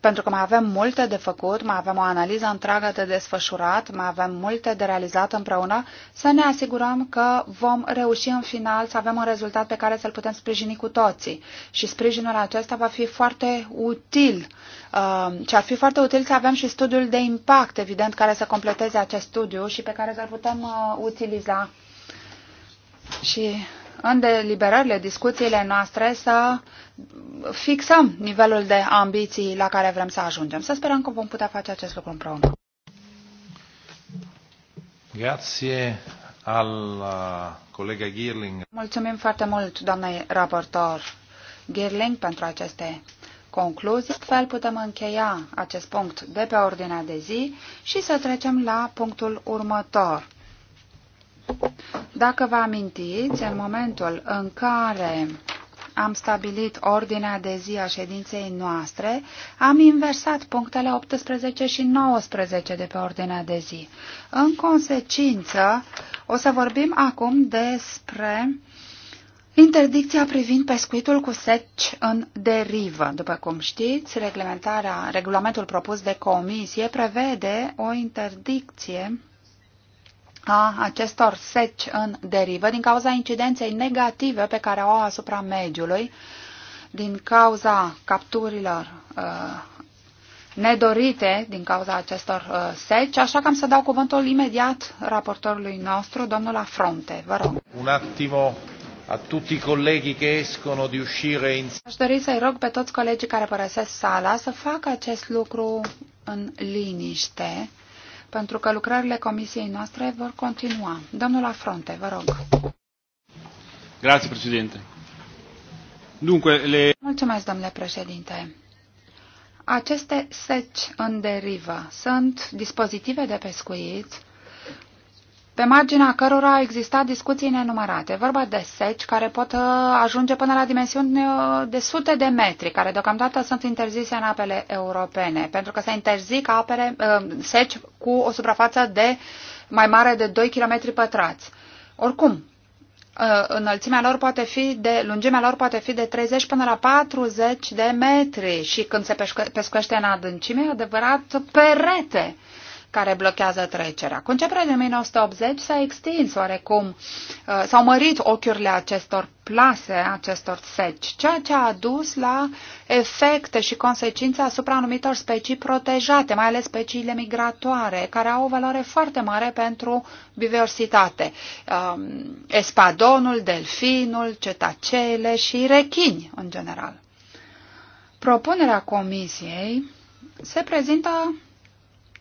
pentru că mai avem multe de făcut, mai avem o analiză întreagă de desfășurat, mai avem multe de realizat împreună, să ne asigurăm că vom reuși în final să avem un rezultat pe care să-l putem sprijini cu toții. Și sprijinul acesta va fi foarte util. Uh, și ar fi foarte util să avem și studiul de impact, evident, care să completeze acest studiu și pe care să-l putem uh, utiliza. Și în deliberările, discuțiile noastre, să fixăm nivelul de ambiții la care vrem să ajungem. Să sperăm că vom putea face acest lucru împreună. Grazie al uh, colega Girling. Mulțumim foarte mult, doamnei raportor Girling, pentru aceste concluzii. Astfel putem încheia acest punct de pe ordinea de zi și să trecem la punctul următor dacă vă amintiți, în momentul în care am stabilit ordinea de zi a ședinței noastre, am inversat punctele 18 și 19 de pe ordinea de zi. În consecință, o să vorbim acum despre Interdicția privind pescuitul cu seci în derivă. După cum știți, reglementarea, regulamentul propus de comisie prevede o interdicție a acestor seci în derivă din cauza incidenței negative pe care o au asupra mediului, din cauza capturilor uh, nedorite din cauza acestor uh, seci, așa că am să dau cuvântul imediat raportorului nostru, domnul Afronte. Vă rog. Un attimo a tutti i colleghi che escono di uscire in... Aș dori să-i rog pe toți colegii care părăsesc sala să facă acest lucru în liniște pentru că lucrările comisiei noastre vor continua. Domnul Afronte, vă rog. Grazie, președinte. Dunque, le... Mulțumesc, domnule președinte. Aceste seci în derivă sunt dispozitive de pescuit pe marginea cărora au existat discuții nenumărate. Vorba de seci care pot uh, ajunge până la dimensiuni uh, de sute de metri, care deocamdată sunt interzise în apele europene, pentru că se interzic apele, uh, seci cu o suprafață de mai mare de 2 km pătrați. Oricum, înălțimea lor poate fi de, lungimea lor poate fi de 30 până la 40 de metri și când se pescuiește în adâncime, adevărat perete care blochează trecerea. Cu începerea de 1980 s-a extins oarecum, uh, s-au mărit ochiurile acestor plase, acestor seci, ceea ce a dus la efecte și consecințe asupra anumitor specii protejate, mai ales speciile migratoare, care au o valoare foarte mare pentru biodiversitate. Um, espadonul, delfinul, cetacele și rechini în general. Propunerea comisiei se prezintă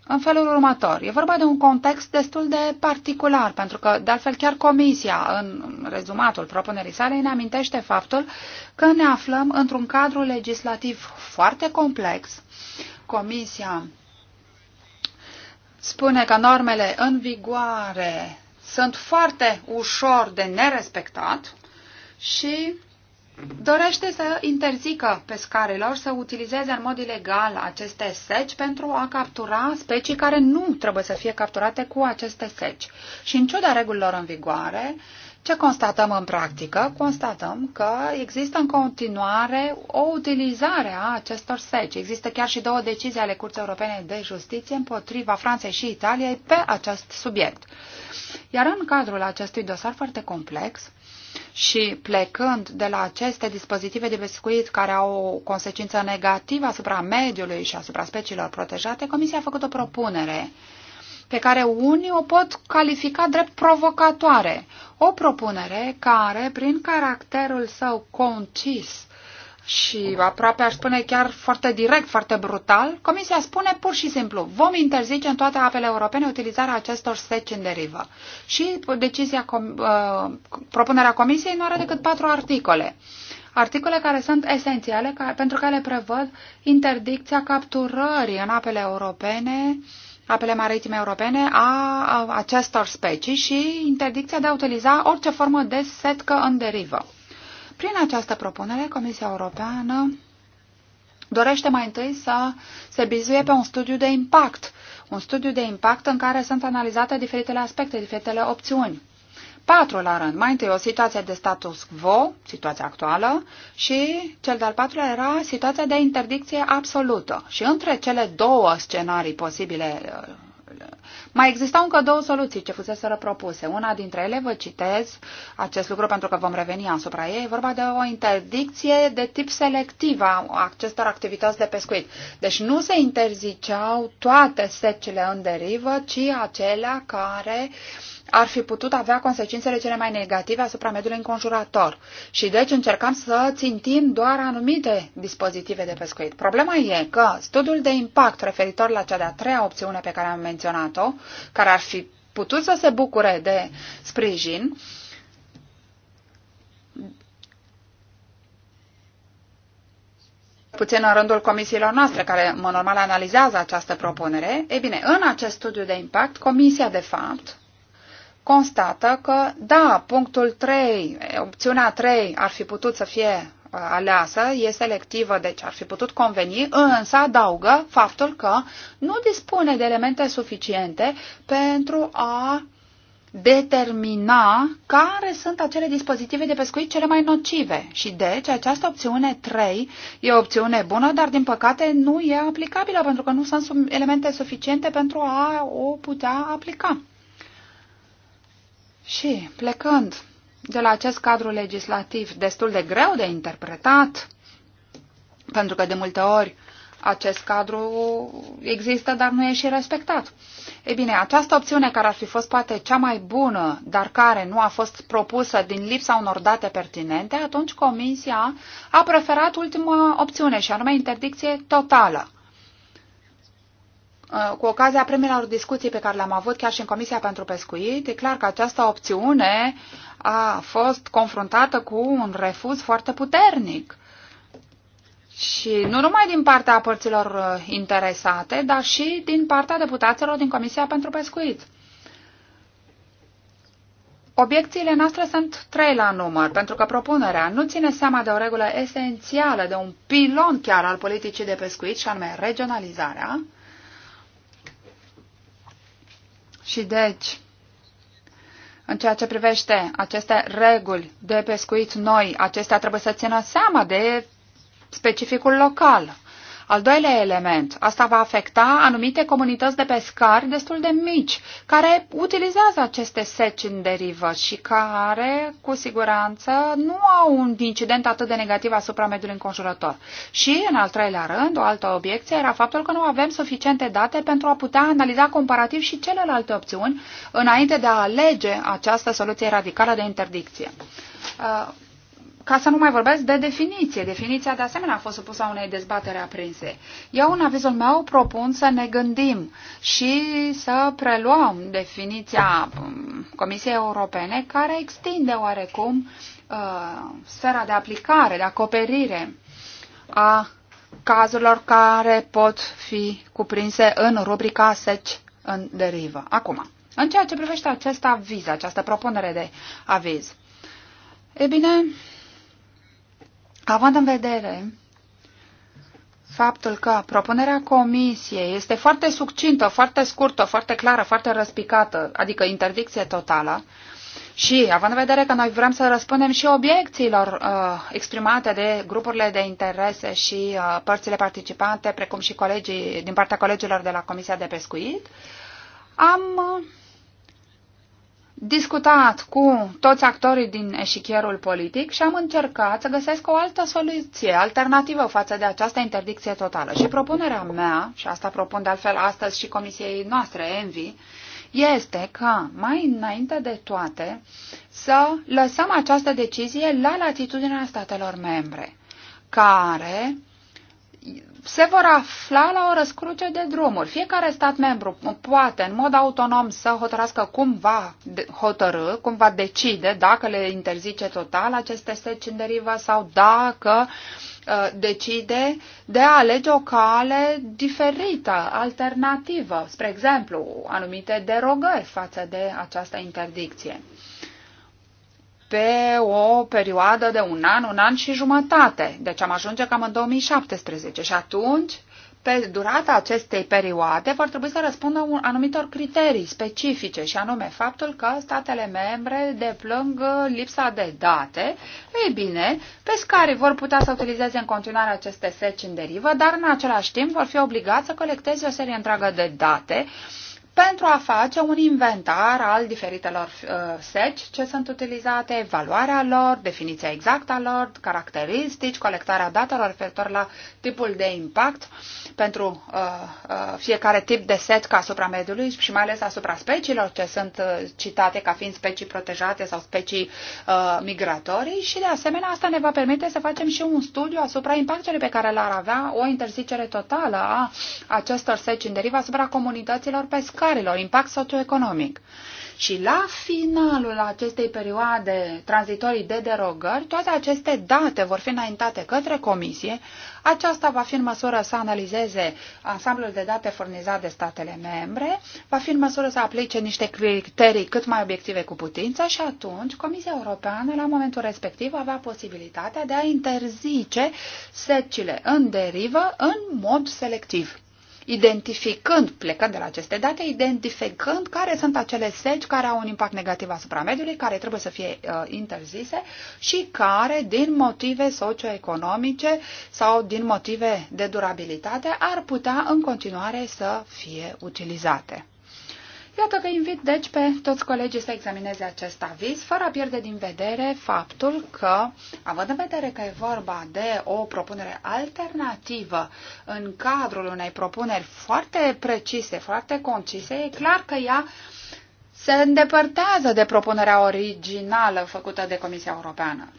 în felul următor. E vorba de un context destul de particular, pentru că, de altfel, chiar Comisia, în rezumatul propunerii sale, ne amintește faptul că ne aflăm într-un cadru legislativ foarte complex. Comisia spune că normele în vigoare sunt foarte ușor de nerespectat și dorește să interzică pescarilor să utilizeze în mod ilegal aceste seci pentru a captura specii care nu trebuie să fie capturate cu aceste seci. Și în ciuda regulilor în vigoare, ce constatăm în practică? Constatăm că există în continuare o utilizare a acestor seci. Există chiar și două decizii ale Curții Europene de Justiție împotriva Franței și Italiei pe acest subiect. Iar în cadrul acestui dosar foarte complex, și plecând de la aceste dispozitive de pescuit care au o consecință negativă asupra mediului și asupra speciilor protejate, Comisia a făcut o propunere pe care unii o pot califica drept provocatoare. O propunere care, prin caracterul său concis și aproape aș spune chiar foarte direct, foarte brutal, Comisia spune pur și simplu, vom interzice în toate apele europene utilizarea acestor seci în derivă. Și decizia, uh, propunerea Comisiei nu are decât patru articole. Articole care sunt esențiale ca, pentru că le prevăd interdicția capturării în apele europene apele maritime europene a acestor specii și interdicția de a utiliza orice formă de setcă în derivă. Prin această propunere, Comisia Europeană dorește mai întâi să se bizuie pe un studiu de impact, un studiu de impact în care sunt analizate diferitele aspecte, diferitele opțiuni. Patru la rând. Mai întâi o situație de status quo, situația actuală, și cel de-al patrulea era situația de interdicție absolută. Și între cele două scenarii posibile mai existau încă două soluții ce fuseseră propuse. Una dintre ele, vă citez acest lucru pentru că vom reveni asupra ei, e vorba de o interdicție de tip selectiv a acestor activități de pescuit. Deci nu se interziceau toate secile în derivă, ci acelea care uh, ar fi putut avea consecințele cele mai negative asupra mediului înconjurator. Și deci încercam să țintim doar anumite dispozitive de pescuit. Problema e că studiul de impact referitor la cea de-a treia opțiune pe care am menționat-o, care ar fi putut să se bucure de sprijin, puțin în rândul comisiilor noastre care, mă normal, analizează această propunere. e bine, în acest studiu de impact, comisia, de fapt, constată că, da, punctul 3, opțiunea 3 ar fi putut să fie uh, aleasă, e selectivă, deci ar fi putut conveni, însă adaugă faptul că nu dispune de elemente suficiente pentru a determina care sunt acele dispozitive de pescuit cele mai nocive. Și deci această opțiune 3 e o opțiune bună, dar din păcate nu e aplicabilă pentru că nu sunt elemente suficiente pentru a o putea aplica. Și plecând de la acest cadru legislativ destul de greu de interpretat, pentru că de multe ori acest cadru există, dar nu e și respectat. Ei bine, această opțiune care ar fi fost poate cea mai bună, dar care nu a fost propusă din lipsa unor date pertinente, atunci Comisia a preferat ultima opțiune, și anume interdicție totală. Uh, cu ocazia primelor discuții pe care le-am avut chiar și în Comisia pentru Pescuit, e clar că această opțiune a fost confruntată cu un refuz foarte puternic. Și nu numai din partea părților uh, interesate, dar și din partea deputaților din Comisia pentru Pescuit. Obiecțiile noastre sunt trei la număr, pentru că propunerea nu ține seama de o regulă esențială, de un pilon chiar al politicii de pescuit, și anume regionalizarea, Și deci, în ceea ce privește aceste reguli de pescuit noi, acestea trebuie să țină seama de specificul local. Al doilea element, asta va afecta anumite comunități de pescari destul de mici, care utilizează aceste seci în derivă și care, cu siguranță, nu au un incident atât de negativ asupra mediului înconjurător. Și, în al treilea rând, o altă obiecție era faptul că nu avem suficiente date pentru a putea analiza comparativ și celelalte opțiuni înainte de a alege această soluție radicală de interdicție. Uh, ca să nu mai vorbesc de definiție. Definiția de asemenea a fost supusă unei dezbatere aprinse. Eu în avizul meu propun să ne gândim și să preluăm definiția um, Comisiei Europene care extinde oarecum uh, sfera de aplicare, de acoperire a cazurilor care pot fi cuprinse în rubrica seci în derivă. Acum, în ceea ce privește acest aviz, această propunere de aviz, e bine, Având în vedere faptul că propunerea comisiei este foarte succintă, foarte scurtă, foarte clară, foarte răspicată, adică interdicție totală, și având în vedere că noi vrem să răspundem și obiecțiilor uh, exprimate de grupurile de interese și uh, părțile participante, precum și colegii din partea colegilor de la Comisia de Pescuit, am uh, discutat cu toți actorii din eșichierul politic și am încercat să găsesc o altă soluție alternativă față de această interdicție totală. Și propunerea mea, și asta propun de altfel astăzi și comisiei noastre, ENVI, este ca, mai înainte de toate, să lăsăm această decizie la latitudinea statelor membre, care se vor afla la o răscruce de drumuri. Fiecare stat membru poate în mod autonom să hotărască cum va hotărâ, cum va decide dacă le interzice total aceste seci în derivă sau dacă uh, decide de a alege o cale diferită, alternativă, spre exemplu, anumite derogări față de această interdicție pe o perioadă de un an, un an și jumătate. Deci am ajunge cam în 2017 și atunci, pe durata acestei perioade, vor trebui să răspundă un, anumitor criterii specifice și anume faptul că statele membre deplâng lipsa de date. Ei bine, pescarii vor putea să utilizeze în continuare aceste seci în derivă, dar în același timp vor fi obligați să colecteze o serie întreagă de date pentru a face un inventar al diferitelor uh, seci ce sunt utilizate, evaluarea lor, definiția exactă a lor, caracteristici, colectarea datelor referitor la tipul de impact pentru uh, uh, fiecare tip de setcă asupra mediului și mai ales asupra speciilor ce sunt uh, citate ca fiind specii protejate sau specii uh, migratorii și de asemenea asta ne va permite să facem și un studiu asupra impactului pe care l-ar avea o interzicere totală a acestor seci în derivă asupra comunităților pescare provocărilor, impact socioeconomic. Și la finalul acestei perioade tranzitorii de derogări, toate aceste date vor fi înaintate către comisie. Aceasta va fi în măsură să analizeze ansamblul de date furnizat de statele membre, va fi în măsură să aplice niște criterii cât mai obiective cu putință și atunci Comisia Europeană, la momentul respectiv, avea posibilitatea de a interzice secile în derivă în mod selectiv identificând, plecând de la aceste date, identificând care sunt acele seci care au un impact negativ asupra mediului, care trebuie să fie uh, interzise și care, din motive socioeconomice sau din motive de durabilitate, ar putea în continuare să fie utilizate. Iată, că invit deci pe toți colegii să examineze acest aviz, fără a pierde din vedere faptul că, având în vedere că e vorba de o propunere alternativă în cadrul unei propuneri foarte precise, foarte concise, e clar că ea se îndepărtează de propunerea originală făcută de Comisia Europeană.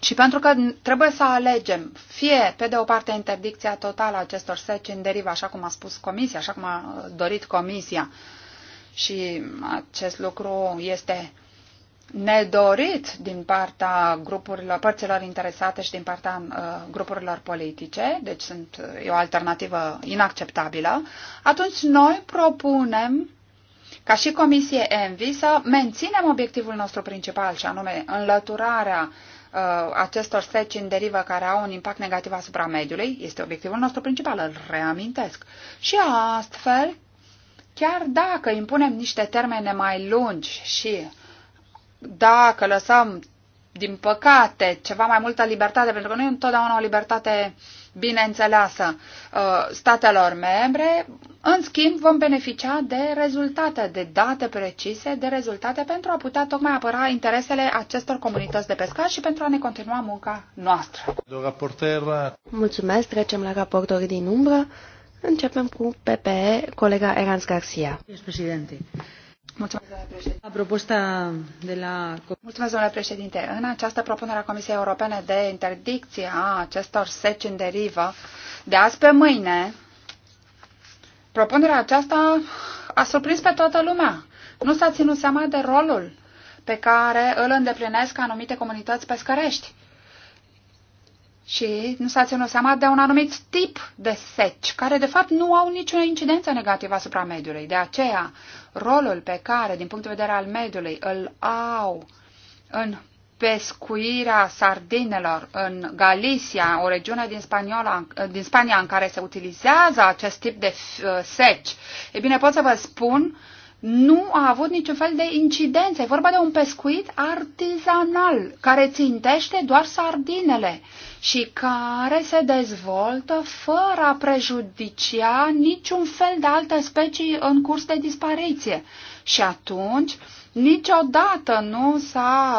Și pentru că trebuie să alegem fie, pe de o parte, interdicția totală a acestor seci în derivă, așa cum a spus Comisia, așa cum a dorit Comisia, uh, și acest lucru este nedorit din partea grupurilor, părților interesate și din partea uh, grupurilor politice, deci sunt, e o alternativă inacceptabilă, atunci noi propunem ca și Comisie ENVI să menținem obiectivul nostru principal, și anume înlăturarea uh, acestor seci în derivă care au un impact negativ asupra mediului, este obiectivul nostru principal, îl reamintesc. Și astfel Chiar dacă impunem niște termene mai lungi și dacă lăsăm, din păcate, ceva mai multă libertate, pentru că nu e întotdeauna o libertate bineînțeleasă uh, statelor membre, în schimb vom beneficia de rezultate, de date precise, de rezultate pentru a putea tocmai apăra interesele acestor comunități de pescari și pentru a ne continua munca noastră. Mulțumesc, trecem la raportori din umbră. Începem cu PPE, colega Erans Garcia. Președinte. Mulțumesc, domnule președinte. În această propunere a Comisiei Europene de interdicție a acestor seci în derivă, de azi pe mâine, propunerea aceasta a surprins pe toată lumea. Nu s-a ținut seama de rolul pe care îl îndeplinesc anumite comunități pescărești și nu s-a ținut seama de un anumit tip de seci, care de fapt nu au nicio incidență negativă asupra mediului. De aceea, rolul pe care, din punct de vedere al mediului, îl au în pescuirea sardinelor în Galicia, o regiune din, Spaniola, din Spania în care se utilizează acest tip de uh, seci, e bine, pot să vă spun nu a avut niciun fel de incidență. E vorba de un pescuit artizanal care țintește doar sardinele și care se dezvoltă fără a prejudicia niciun fel de alte specii în curs de dispariție. Și atunci, niciodată nu, s-a,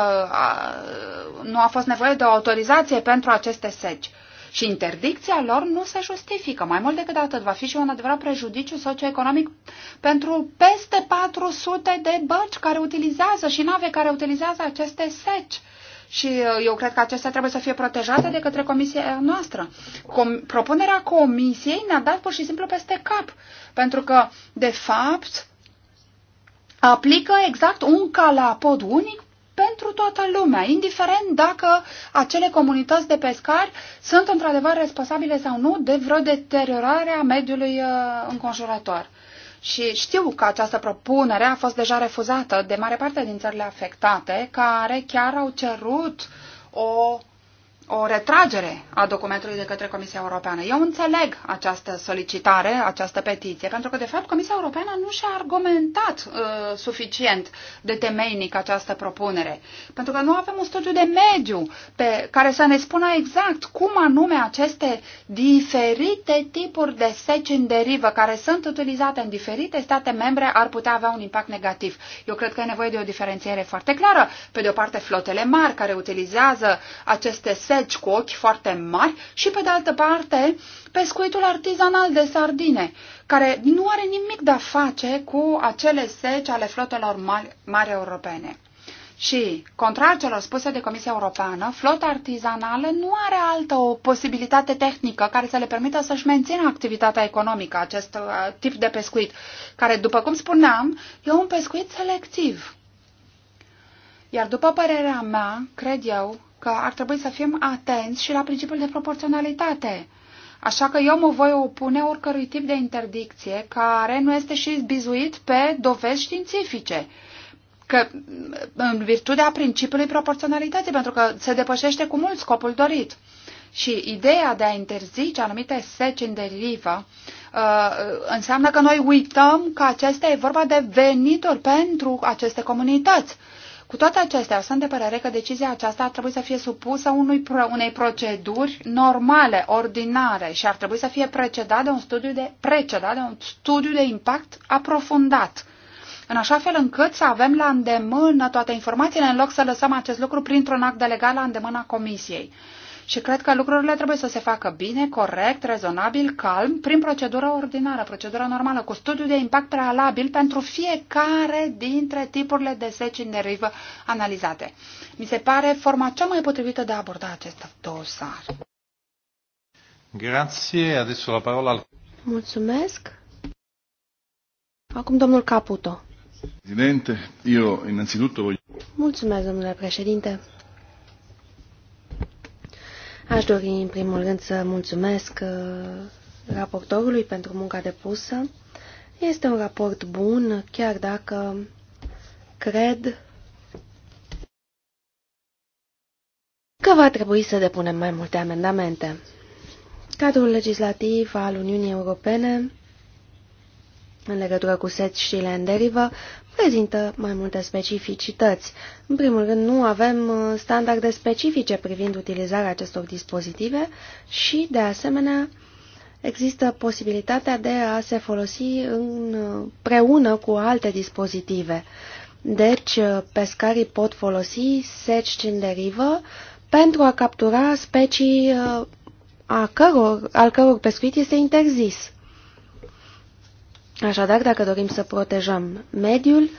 nu a fost nevoie de o autorizație pentru aceste seci. Și interdicția lor nu se justifică. Mai mult decât atât, va fi și un adevărat prejudiciu socioeconomic pentru peste 400 de băci care utilizează și nave care utilizează aceste seci. Și uh, eu cred că acestea trebuie să fie protejate de către comisia noastră. Com- propunerea comisiei ne-a dat pur și simplu peste cap, pentru că, de fapt, aplică exact un calapod unic pentru toată lumea, indiferent dacă acele comunități de pescari sunt într-adevăr responsabile sau nu de vreo deteriorare a mediului uh, înconjurător. Și știu că această propunere a fost deja refuzată de mare parte din țările afectate, care chiar au cerut o o retragere a documentului de către Comisia Europeană. Eu înțeleg această solicitare, această petiție, pentru că, de fapt, Comisia Europeană nu și-a argumentat uh, suficient de temeinic această propunere. Pentru că nu avem un studiu de mediu pe care să ne spună exact cum anume aceste diferite tipuri de seci în derivă care sunt utilizate în diferite state membre ar putea avea un impact negativ. Eu cred că e nevoie de o diferențiere foarte clară. Pe de o parte, flotele mari care utilizează aceste seci întregi cu ochi foarte mari și, pe de altă parte, pescuitul artizanal de sardine, care nu are nimic de a face cu acele seci ale flotelor mari, mari europene. Și, contrar celor spuse de Comisia Europeană, flota artizanală nu are altă o posibilitate tehnică care să le permită să-și mențină activitatea economică, acest uh, tip de pescuit, care, după cum spuneam, e un pescuit selectiv. Iar după părerea mea, cred eu că ar trebui să fim atenți și la principiul de proporționalitate. Așa că eu mă voi opune oricărui tip de interdicție care nu este și bizuit pe dovezi științifice că în virtutea principiului proporționalității, pentru că se depășește cu mult scopul dorit. Și ideea de a interzice anumite seci în derivă uh, înseamnă că noi uităm că acesta e vorba de venituri pentru aceste comunități. Cu toate acestea, sunt de părere că decizia aceasta ar trebui să fie supusă unui, unei proceduri normale, ordinare și ar trebui să fie precedat de un studiu de, precedat de un studiu de impact aprofundat în așa fel încât să avem la îndemână toate informațiile, în loc să lăsăm acest lucru printr-un act delegat la îndemâna Comisiei. Și cred că lucrurile trebuie să se facă bine, corect, rezonabil, calm, prin procedura ordinară, procedura normală, cu studiu de impact prealabil pentru fiecare dintre tipurile de seci în derivă analizate. Mi se pare forma cea mai potrivită de a aborda acest dosar. Grazie, adesso la parola al... Mulțumesc. Acum domnul Caputo. Presidente, eu innanzitutto voglio... Mulțumesc, domnule președinte. Aș dori în primul rând să mulțumesc uh, raportorului pentru munca depusă. Este un raport bun, chiar dacă cred că va trebui să depunem mai multe amendamente. Cadrul legislativ al Uniunii Europene în legătură cu seciile în derivă, prezintă mai multe specificități. În primul rând, nu avem uh, standarde specifice privind utilizarea acestor dispozitive și, de asemenea, există posibilitatea de a se folosi uh, împreună cu alte dispozitive. Deci, uh, pescarii pot folosi seci în derivă pentru a captura specii a căror, al căror pescuit este interzis. Așadar, dacă dorim să protejăm mediul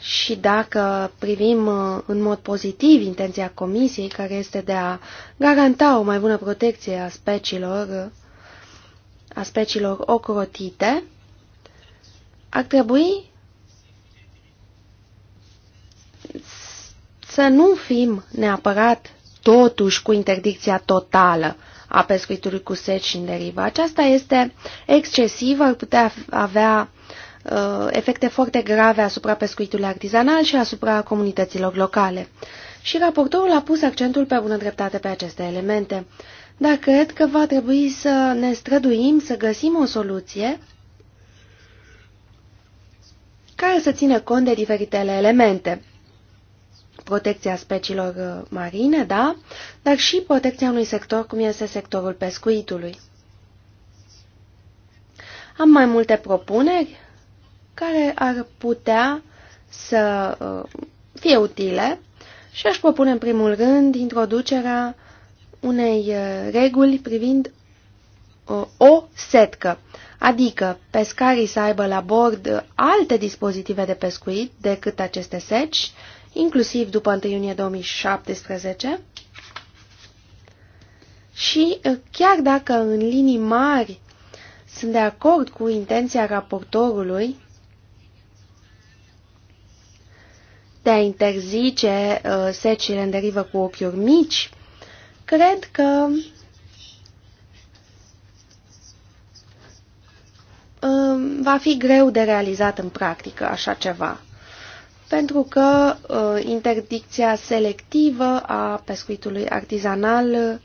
și dacă privim uh, în mod pozitiv intenția Comisiei, care este de a garanta o mai bună protecție a speciilor, a speciilor ocrotite, ar trebui să nu fim neapărat totuși cu interdicția totală, a pescuitului cu seci și în derivă. Aceasta este excesivă, ar putea avea uh, efecte foarte grave asupra pescuitului artizanal și asupra comunităților locale. Și raportorul a pus accentul pe bună dreptate pe aceste elemente. Dar cred că va trebui să ne străduim să găsim o soluție care să țină cont de diferitele elemente protecția speciilor uh, marine, da, dar și protecția unui sector cum este sectorul pescuitului. Am mai multe propuneri care ar putea să uh, fie utile și aș propune în primul rând introducerea unei uh, reguli privind o setcă, adică pescarii să aibă la bord alte dispozitive de pescuit decât aceste seci inclusiv după 1 iunie 2017, și uh, chiar dacă în linii mari sunt de acord cu intenția raportorului de a interzice uh, secile în derivă cu ochiuri mici, cred că uh, va fi greu de realizat în practică așa ceva pentru că uh, interdicția selectivă a pescuitului artizanal uh,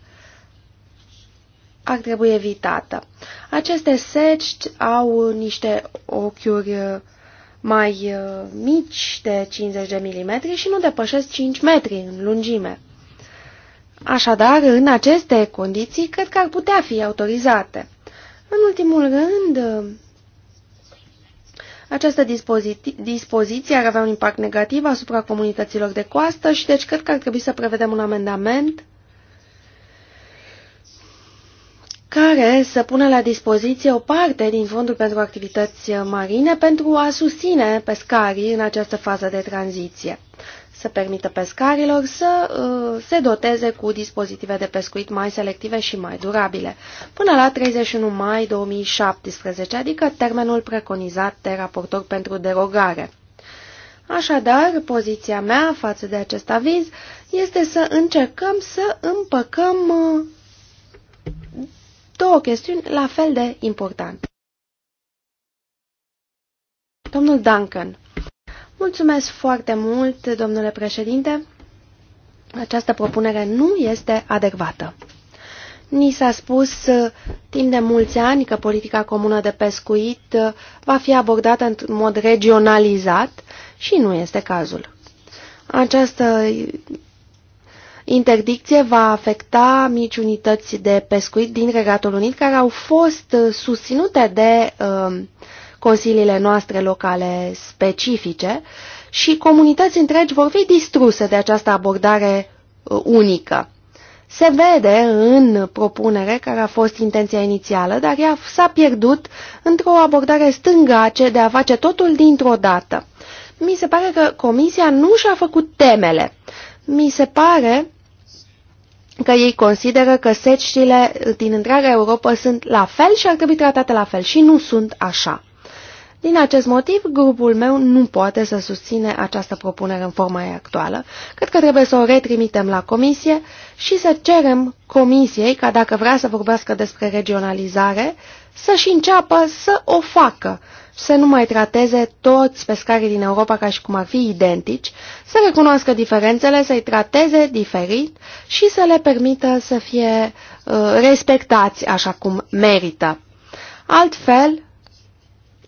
ar trebui evitată. Aceste seci au niște ochiuri uh, mai uh, mici de 50 de milimetri și nu depășesc 5 metri în lungime. Așadar, în aceste condiții, cred că ar putea fi autorizate. În ultimul rând, această dispozi dispoziție ar avea un impact negativ asupra comunităților de coastă și deci cred că ar trebui să prevedem un amendament care să pună la dispoziție o parte din fondul pentru activități marine pentru a susține pescarii în această fază de tranziție să permită pescarilor să uh, se doteze cu dispozitive de pescuit mai selective și mai durabile, până la 31 mai 2017, adică termenul preconizat de raportor pentru derogare. Așadar, poziția mea față de acest aviz este să încercăm să împăcăm uh, două chestiuni la fel de importante. Domnul Duncan, Mulțumesc foarte mult, domnule președinte. Această propunere nu este adecvată. Ni s-a spus uh, timp de mulți ani că politica comună de pescuit uh, va fi abordată în mod regionalizat și nu este cazul. Această interdicție va afecta mici unități de pescuit din Regatul Unit care au fost uh, susținute de uh, consiliile noastre locale specifice și comunități întregi vor fi distruse de această abordare uh, unică. Se vede în propunere care a fost intenția inițială, dar ea s-a pierdut într-o abordare stângace de a face totul dintr-o dată. Mi se pare că comisia nu și-a făcut temele. Mi se pare că ei consideră că seciile din întreaga Europa sunt la fel și ar trebui tratate la fel și nu sunt așa. Din acest motiv, grupul meu nu poate să susține această propunere în forma ei actuală. Cred că trebuie să o retrimitem la comisie și să cerem comisiei ca dacă vrea să vorbească despre regionalizare, să-și înceapă să o facă, să nu mai trateze toți pescarii din Europa ca și cum ar fi identici, să recunoască diferențele, să-i trateze diferit și să le permită să fie uh, respectați așa cum merită. Altfel,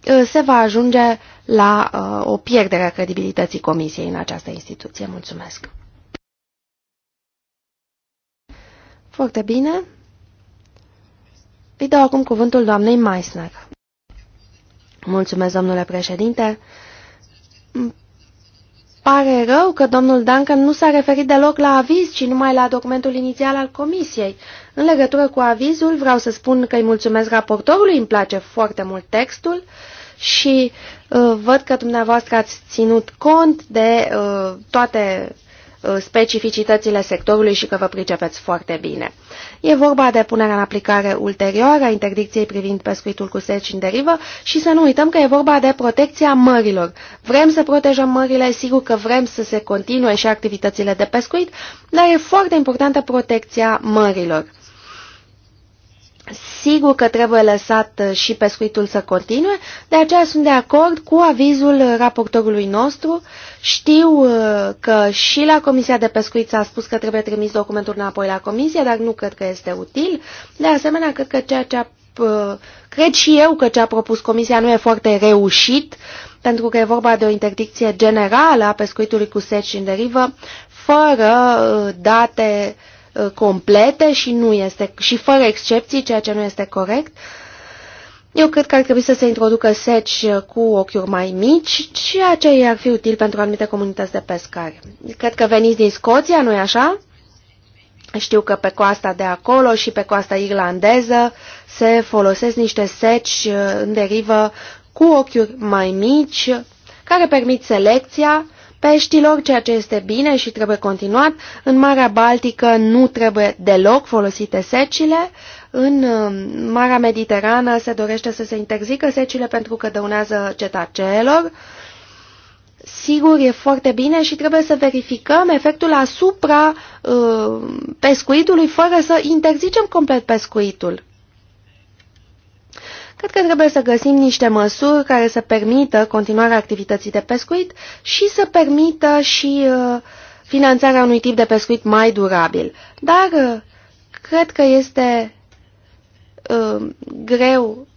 Uh, se va ajunge la uh, o pierdere a credibilității Comisiei în această instituție. Mulțumesc! Foarte bine. Îi dau acum cuvântul doamnei Meissner. Mulțumesc, domnule președinte. pare rău că domnul Duncan nu s-a referit deloc la aviz, ci numai la documentul inițial al comisiei. În legătură cu avizul, vreau să spun că îi mulțumesc raportorului, îmi place foarte mult textul și uh, văd că dumneavoastră ați ținut cont de uh, toate uh, specificitățile sectorului și că vă pricepeți foarte bine. E vorba de punerea în aplicare ulterioară a interdicției privind pescuitul cu seci în derivă și să nu uităm că e vorba de protecția mărilor. Vrem să protejăm mările, sigur că vrem să se continue și activitățile de pescuit, dar e foarte importantă protecția mărilor. Sigur că trebuie lăsat uh, și pescuitul să continue, de aceea sunt de acord cu avizul raportorului nostru. Știu uh, că și la Comisia de Pescuit s-a spus că trebuie trimis documentul înapoi la Comisie, dar nu cred că este util. De asemenea, cred că ceea ce a, uh, cred și eu că ce a propus Comisia nu e foarte reușit, pentru că e vorba de o interdicție generală a pescuitului cu seci în derivă, fără date uh, Uh, complete și, nu este, și fără excepții, ceea ce nu este corect. Eu cred că ar trebui să se introducă seci uh, cu ochiuri mai mici, ceea ce ar fi util pentru anumite comunități de pescari. Cred că veniți din Scoția, nu-i așa? Știu că pe coasta de acolo și pe coasta irlandeză se folosesc niște seci uh, în derivă cu ochiuri mai mici, care permit selecția peștilor, ceea ce este bine și trebuie continuat. În Marea Baltică nu trebuie deloc folosite secile. În um, Marea Mediterană se dorește să se interzică secile pentru că dăunează cetaceelor. Sigur, e foarte bine și trebuie să verificăm efectul asupra uh, pescuitului fără să interzicem complet pescuitul. Cred că trebuie să găsim niște măsuri care să permită continuarea activității de pescuit și să permită și uh, finanțarea unui tip de pescuit mai durabil. Dar uh, cred că este uh, greu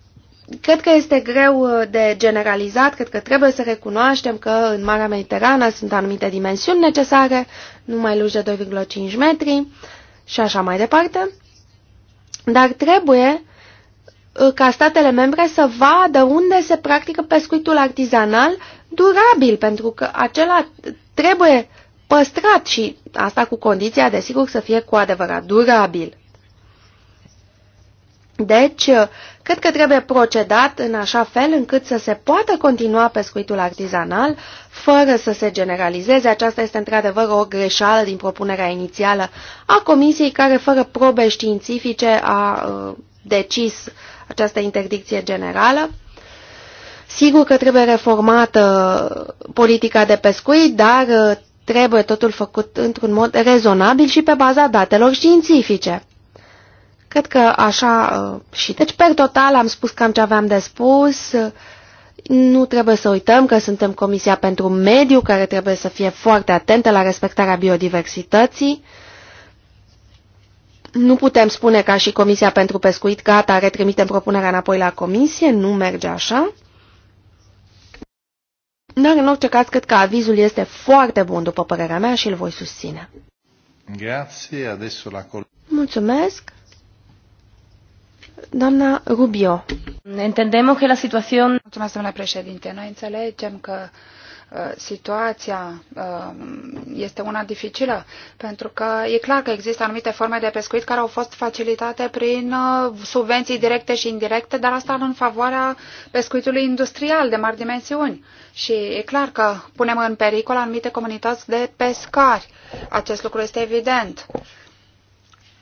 cred că este greu uh, de generalizat, cred că trebuie să recunoaștem că în Marea Mediterană sunt anumite dimensiuni necesare, nu mai lungi de 2,5 metri și așa mai departe, dar trebuie Uh, ca statele membre să vadă unde se practică pescuitul artizanal durabil, pentru că acela trebuie păstrat și asta cu condiția, desigur, să fie cu adevărat durabil. Deci, uh, cred că trebuie procedat în așa fel încât să se poată continua pescuitul artizanal fără să se generalizeze. Aceasta este într-adevăr o greșeală din propunerea inițială a comisiei care, fără probe științifice, a uh, decis această interdicție generală. Sigur că trebuie reformată politica de pescuit, dar uh, trebuie totul făcut într-un mod rezonabil și pe baza datelor științifice. Cred că așa uh, și deci, pe total, am spus cam ce aveam de spus. Nu trebuie să uităm că suntem Comisia pentru Mediu, care trebuie să fie foarte atentă la respectarea biodiversității. Nu putem spune ca și Comisia pentru Pescuit, gata, retrimitem propunerea înapoi la Comisie, nu merge așa. Dar în orice caz, cred că avizul este foarte bun, după părerea mea, și îl voi susține. Grazie, adesso la Mulțumesc. Doamna Rubio. Entendemos că la situație... Mulțumesc, domnule președinte. Noi înțelegem că Uh, situația uh, este una dificilă, pentru că e clar că există anumite forme de pescuit care au fost facilitate prin uh, subvenții directe și indirecte, dar asta în favoarea pescuitului industrial de mari dimensiuni. Și e clar că punem în pericol anumite comunități de pescari. Acest lucru este evident.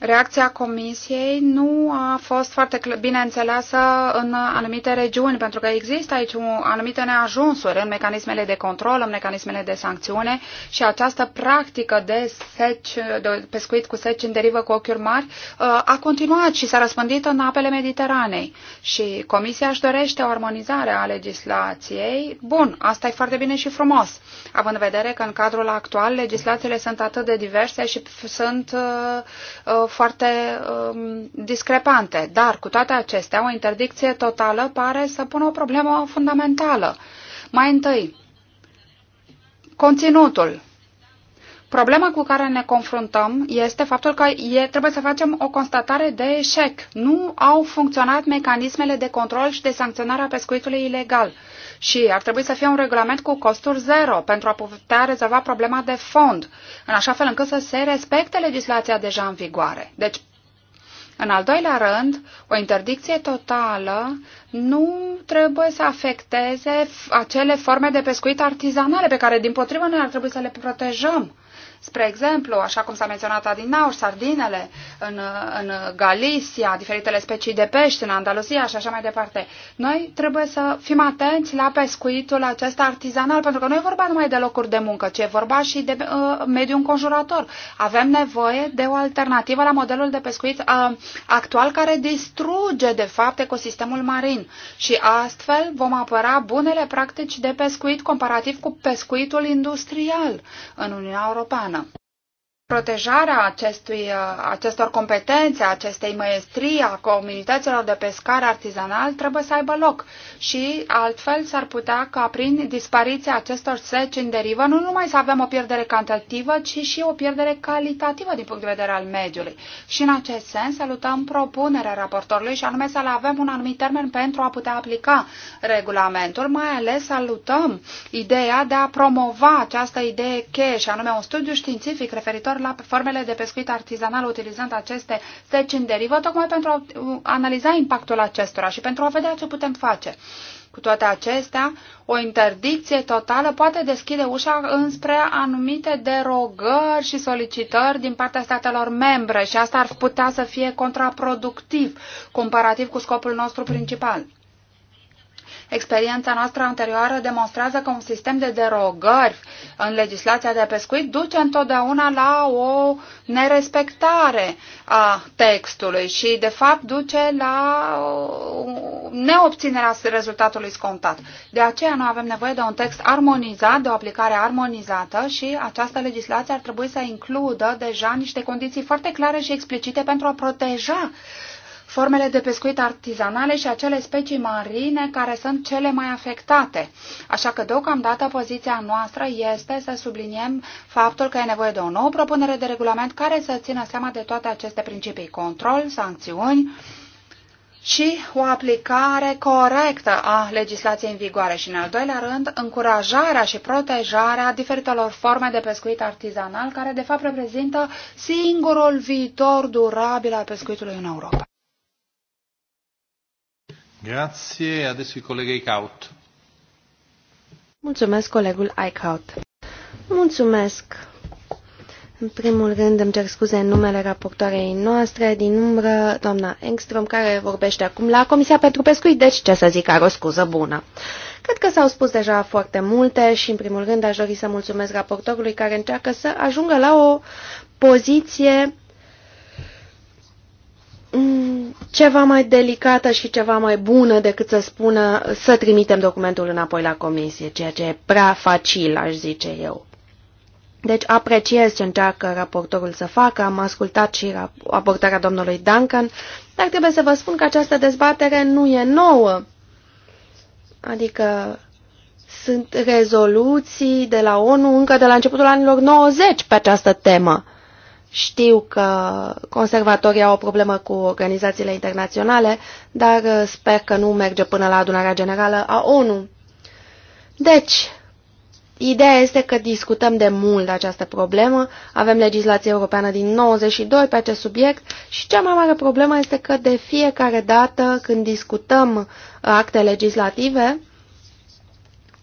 Reacția Comisiei nu a fost foarte bine înțeleasă în anumite regiuni, pentru că există aici anumite neajunsuri în mecanismele de control, în mecanismele de sancțiune și această practică de, seci, de pescuit cu seci în derivă cu ochiuri mari uh, a continuat și s-a răspândit în apele Mediteranei. Și Comisia își dorește o armonizare a legislației. Bun, asta e foarte bine și frumos, având în vedere că în cadrul actual legislațiile sunt atât de diverse și sunt uh, uh, foarte um, discrepante, dar cu toate acestea, o interdicție totală pare să pună o problemă fundamentală. Mai întâi, conținutul Problema cu care ne confruntăm este faptul că e, trebuie să facem o constatare de eșec. Nu au funcționat mecanismele de control și de sancționare a pescuitului ilegal. Și ar trebui să fie un regulament cu costuri zero pentru a putea rezolva problema de fond, în așa fel încât să se respecte legislația deja în vigoare. Deci, în al doilea rând, o interdicție totală nu trebuie să afecteze acele forme de pescuit artizanale pe care, din potrivă, noi ar trebui să le protejăm. Spre exemplu, așa cum s-a menționat adinaur, sardinele în, în Galicia, diferitele specii de pești în Andaluzia și așa mai departe. Noi trebuie să fim atenți la pescuitul acesta artizanal, pentru că nu e vorba numai de locuri de muncă, ci e vorba și de uh, mediul înconjurator. Avem nevoie de o alternativă la modelul de pescuit uh, actual care distruge, de fapt, ecosistemul marin. Și astfel vom apăra bunele practici de pescuit comparativ cu pescuitul industrial în Uniunea Europeană împreună protejarea acestui, uh, acestor competențe, acestei măestrii a comunităților de pescar artizanal trebuie să aibă loc și altfel s-ar putea ca prin dispariția acestor seci în derivă nu numai să avem o pierdere cantitativă, ci și o pierdere calitativă din punct de vedere al mediului. Și în acest sens salutăm propunerea raportorului și anume să avem un anumit termen pentru a putea aplica regulamentul, mai ales salutăm ideea de a promova această idee cheie și anume un studiu științific referitor la formele de pescuit artizanal utilizând aceste seci în derivă, tocmai pentru a uh, analiza impactul acestora și pentru a vedea ce putem face. Cu toate acestea, o interdicție totală poate deschide ușa înspre anumite derogări și solicitări din partea statelor membre și asta ar putea să fie contraproductiv comparativ cu scopul nostru principal. Experiența noastră anterioară demonstrează că un sistem de derogări în legislația de pescuit duce întotdeauna la o nerespectare a textului și, de fapt, duce la neobținerea rezultatului scontat. De aceea, noi avem nevoie de un text armonizat, de o aplicare armonizată și această legislație ar trebui să includă deja niște condiții foarte clare și explicite pentru a proteja formele de pescuit artizanale și acele specii marine care sunt cele mai afectate. Așa că deocamdată poziția noastră este să subliniem faptul că e nevoie de o nouă propunere de regulament care să țină seama de toate aceste principii, control, sancțiuni, și o aplicare corectă a legislației în vigoare și, în al doilea rând, încurajarea și protejarea diferitelor forme de pescuit artizanal, care, de fapt, reprezintă singurul viitor durabil al pescuitului în Europa. Grazie. Adesso il collega Icaut. Mulțumesc, colegul Eichhout. Mulțumesc. În primul rând îmi cer scuze în numele raportoarei noastre din umbră, doamna Engstrom, care vorbește acum la Comisia pentru Pescuit, deci ce să zic, are o scuză bună. Cred că s-au spus deja foarte multe și în primul rând aș dori să mulțumesc raportorului care încearcă să ajungă la o poziție mm, ceva mai delicată și ceva mai bună decât să spună să trimitem documentul înapoi la comisie, ceea ce e prea facil, aș zice eu. Deci apreciez ce încearcă raportorul să facă, am ascultat și raportarea domnului Duncan, dar trebuie să vă spun că această dezbatere nu e nouă. Adică sunt rezoluții de la ONU încă de la începutul anilor 90 pe această temă. Știu că conservatorii au o problemă cu organizațiile internaționale, dar uh, sper că nu merge până la adunarea generală a ONU. Deci, Ideea este că discutăm de mult această problemă, avem legislație europeană din 92 pe acest subiect și cea mai mare problemă este că de fiecare dată când discutăm uh, acte legislative,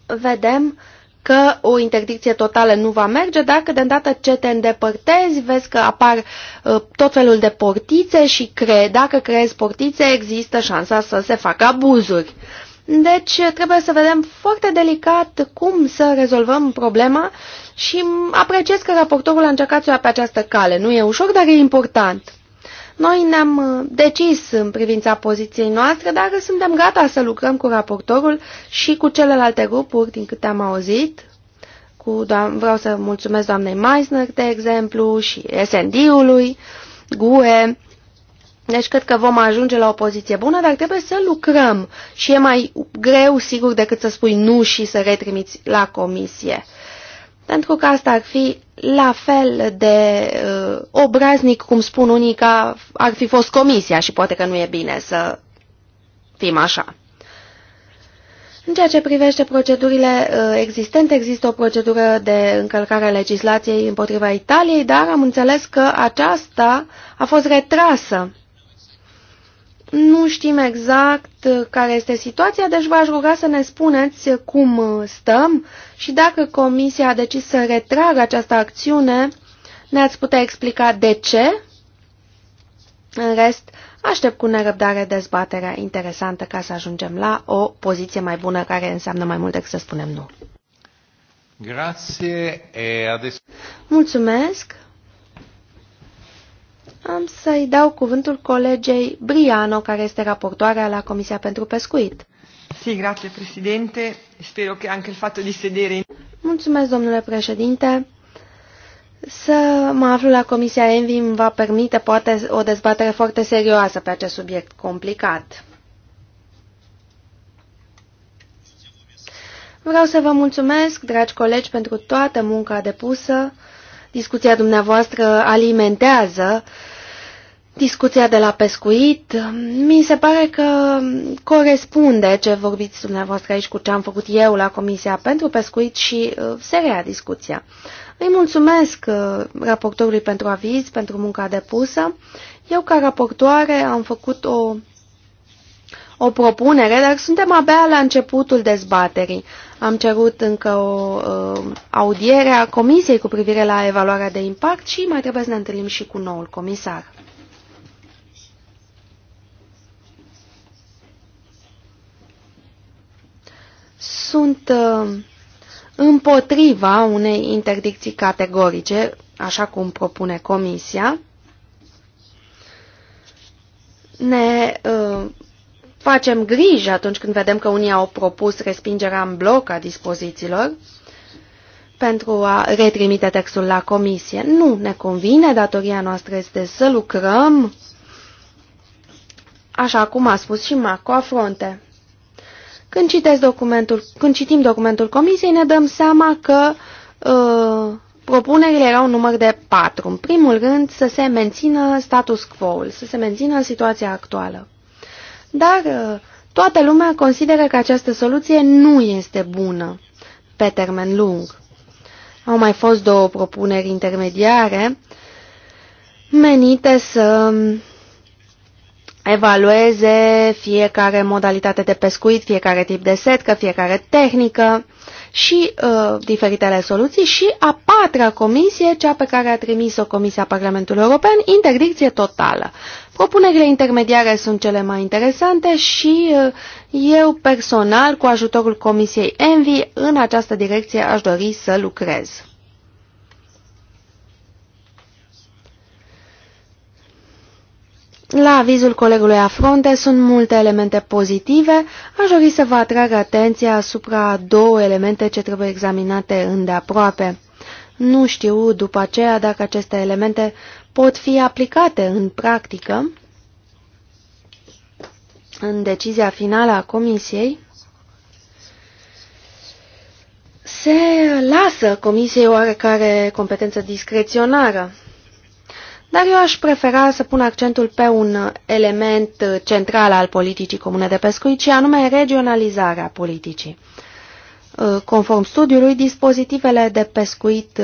vedem că o interdicție totală nu va merge dacă de îndată ce te îndepărtezi vezi că apar uh, tot felul de portițe și cre dacă creezi portițe există șansa să se facă abuzuri. Deci trebuie să vedem foarte delicat cum să rezolvăm problema și apreciez că raportorul a încercat să o ia pe această cale. Nu e ușor, dar e important. Noi ne-am uh, decis în privința poziției noastre, dar suntem gata să lucrăm cu raportorul și cu celelalte grupuri, din câte am auzit. Cu vreau să mulțumesc doamnei Meisner, de exemplu, și SND-ului, GUE. Deci cred că vom ajunge la o poziție bună, dar trebuie să lucrăm. Și e mai greu, sigur, decât să spui nu și să retrimiți la comisie. Pentru că asta ar fi la fel de uh, obraznic, cum spun unii, ca ar fi fost comisia și poate că nu e bine să fim așa. În ceea ce privește procedurile uh, existente, există o procedură de încălcare a legislației împotriva Italiei, dar am înțeles că aceasta a fost retrasă nu știm exact uh, care este situația, deci v-aș ruga să ne spuneți cum uh, stăm și dacă Comisia a decis să retragă această acțiune, ne-ați putea explica de ce? În rest, aștept cu nerăbdare dezbaterea interesantă ca să ajungem la o poziție mai bună care înseamnă mai mult decât să spunem nu. Grazie, e Mulțumesc! Am să-i dau cuvântul colegei Briano, care este raportoarea la Comisia pentru Pescuit. Sì, grazie Presidente. Spero che anche il fatto di sedere... Mulțumesc, domnule președinte. Să mă aflu la Comisia Envi îmi va permite poate o dezbatere foarte serioasă pe acest subiect complicat. Vreau să vă mulțumesc, dragi colegi, pentru toată munca depusă. Discuția dumneavoastră alimentează discuția de la pescuit, mi se pare că corespunde ce vorbiți dumneavoastră aici cu ce am făcut eu la Comisia pentru Pescuit și uh, se rea discuția. Îi mulțumesc uh, raportorului pentru aviz, pentru munca depusă. Eu, ca raportoare, am făcut o, o propunere, dar suntem abia la începutul dezbaterii. Am cerut încă o uh, audiere a Comisiei cu privire la evaluarea de impact și mai trebuie să ne întâlnim și cu noul comisar. sunt uh, împotriva unei interdicții categorice, așa cum propune Comisia. Ne uh, facem griji atunci când vedem că unii au propus respingerea în bloc a dispozițiilor pentru a retrimite textul la comisie. Nu ne convine, datoria noastră este să lucrăm, așa cum a spus și Marco Afronte. Când, documentul, când citim documentul comisiei, ne dăm seama că uh, propunerile erau număr de patru. În primul rând, să se mențină status quo-ul, să se mențină situația actuală. Dar uh, toată lumea consideră că această soluție nu este bună pe termen lung. Au mai fost două propuneri intermediare menite să evalueze fiecare modalitate de pescuit, fiecare tip de setcă, fiecare tehnică și uh, diferitele soluții și a patra comisie, cea pe care a trimis-o Comisia Parlamentului European, interdicție totală. Propunerile intermediare sunt cele mai interesante și uh, eu personal, cu ajutorul Comisiei Envi, în această direcție aș dori să lucrez. La avizul colegului Afronte sunt multe elemente pozitive, aș dori să vă atrag atenția asupra două elemente ce trebuie examinate îndeaproape. Nu știu după aceea dacă aceste elemente pot fi aplicate în practică. În decizia finală a Comisiei se lasă Comisiei oarecare competență discreționară dar eu aș prefera să pun accentul pe un element central al politicii comune de pescuit, și anume regionalizarea politicii. Conform studiului, dispozitivele de pescuit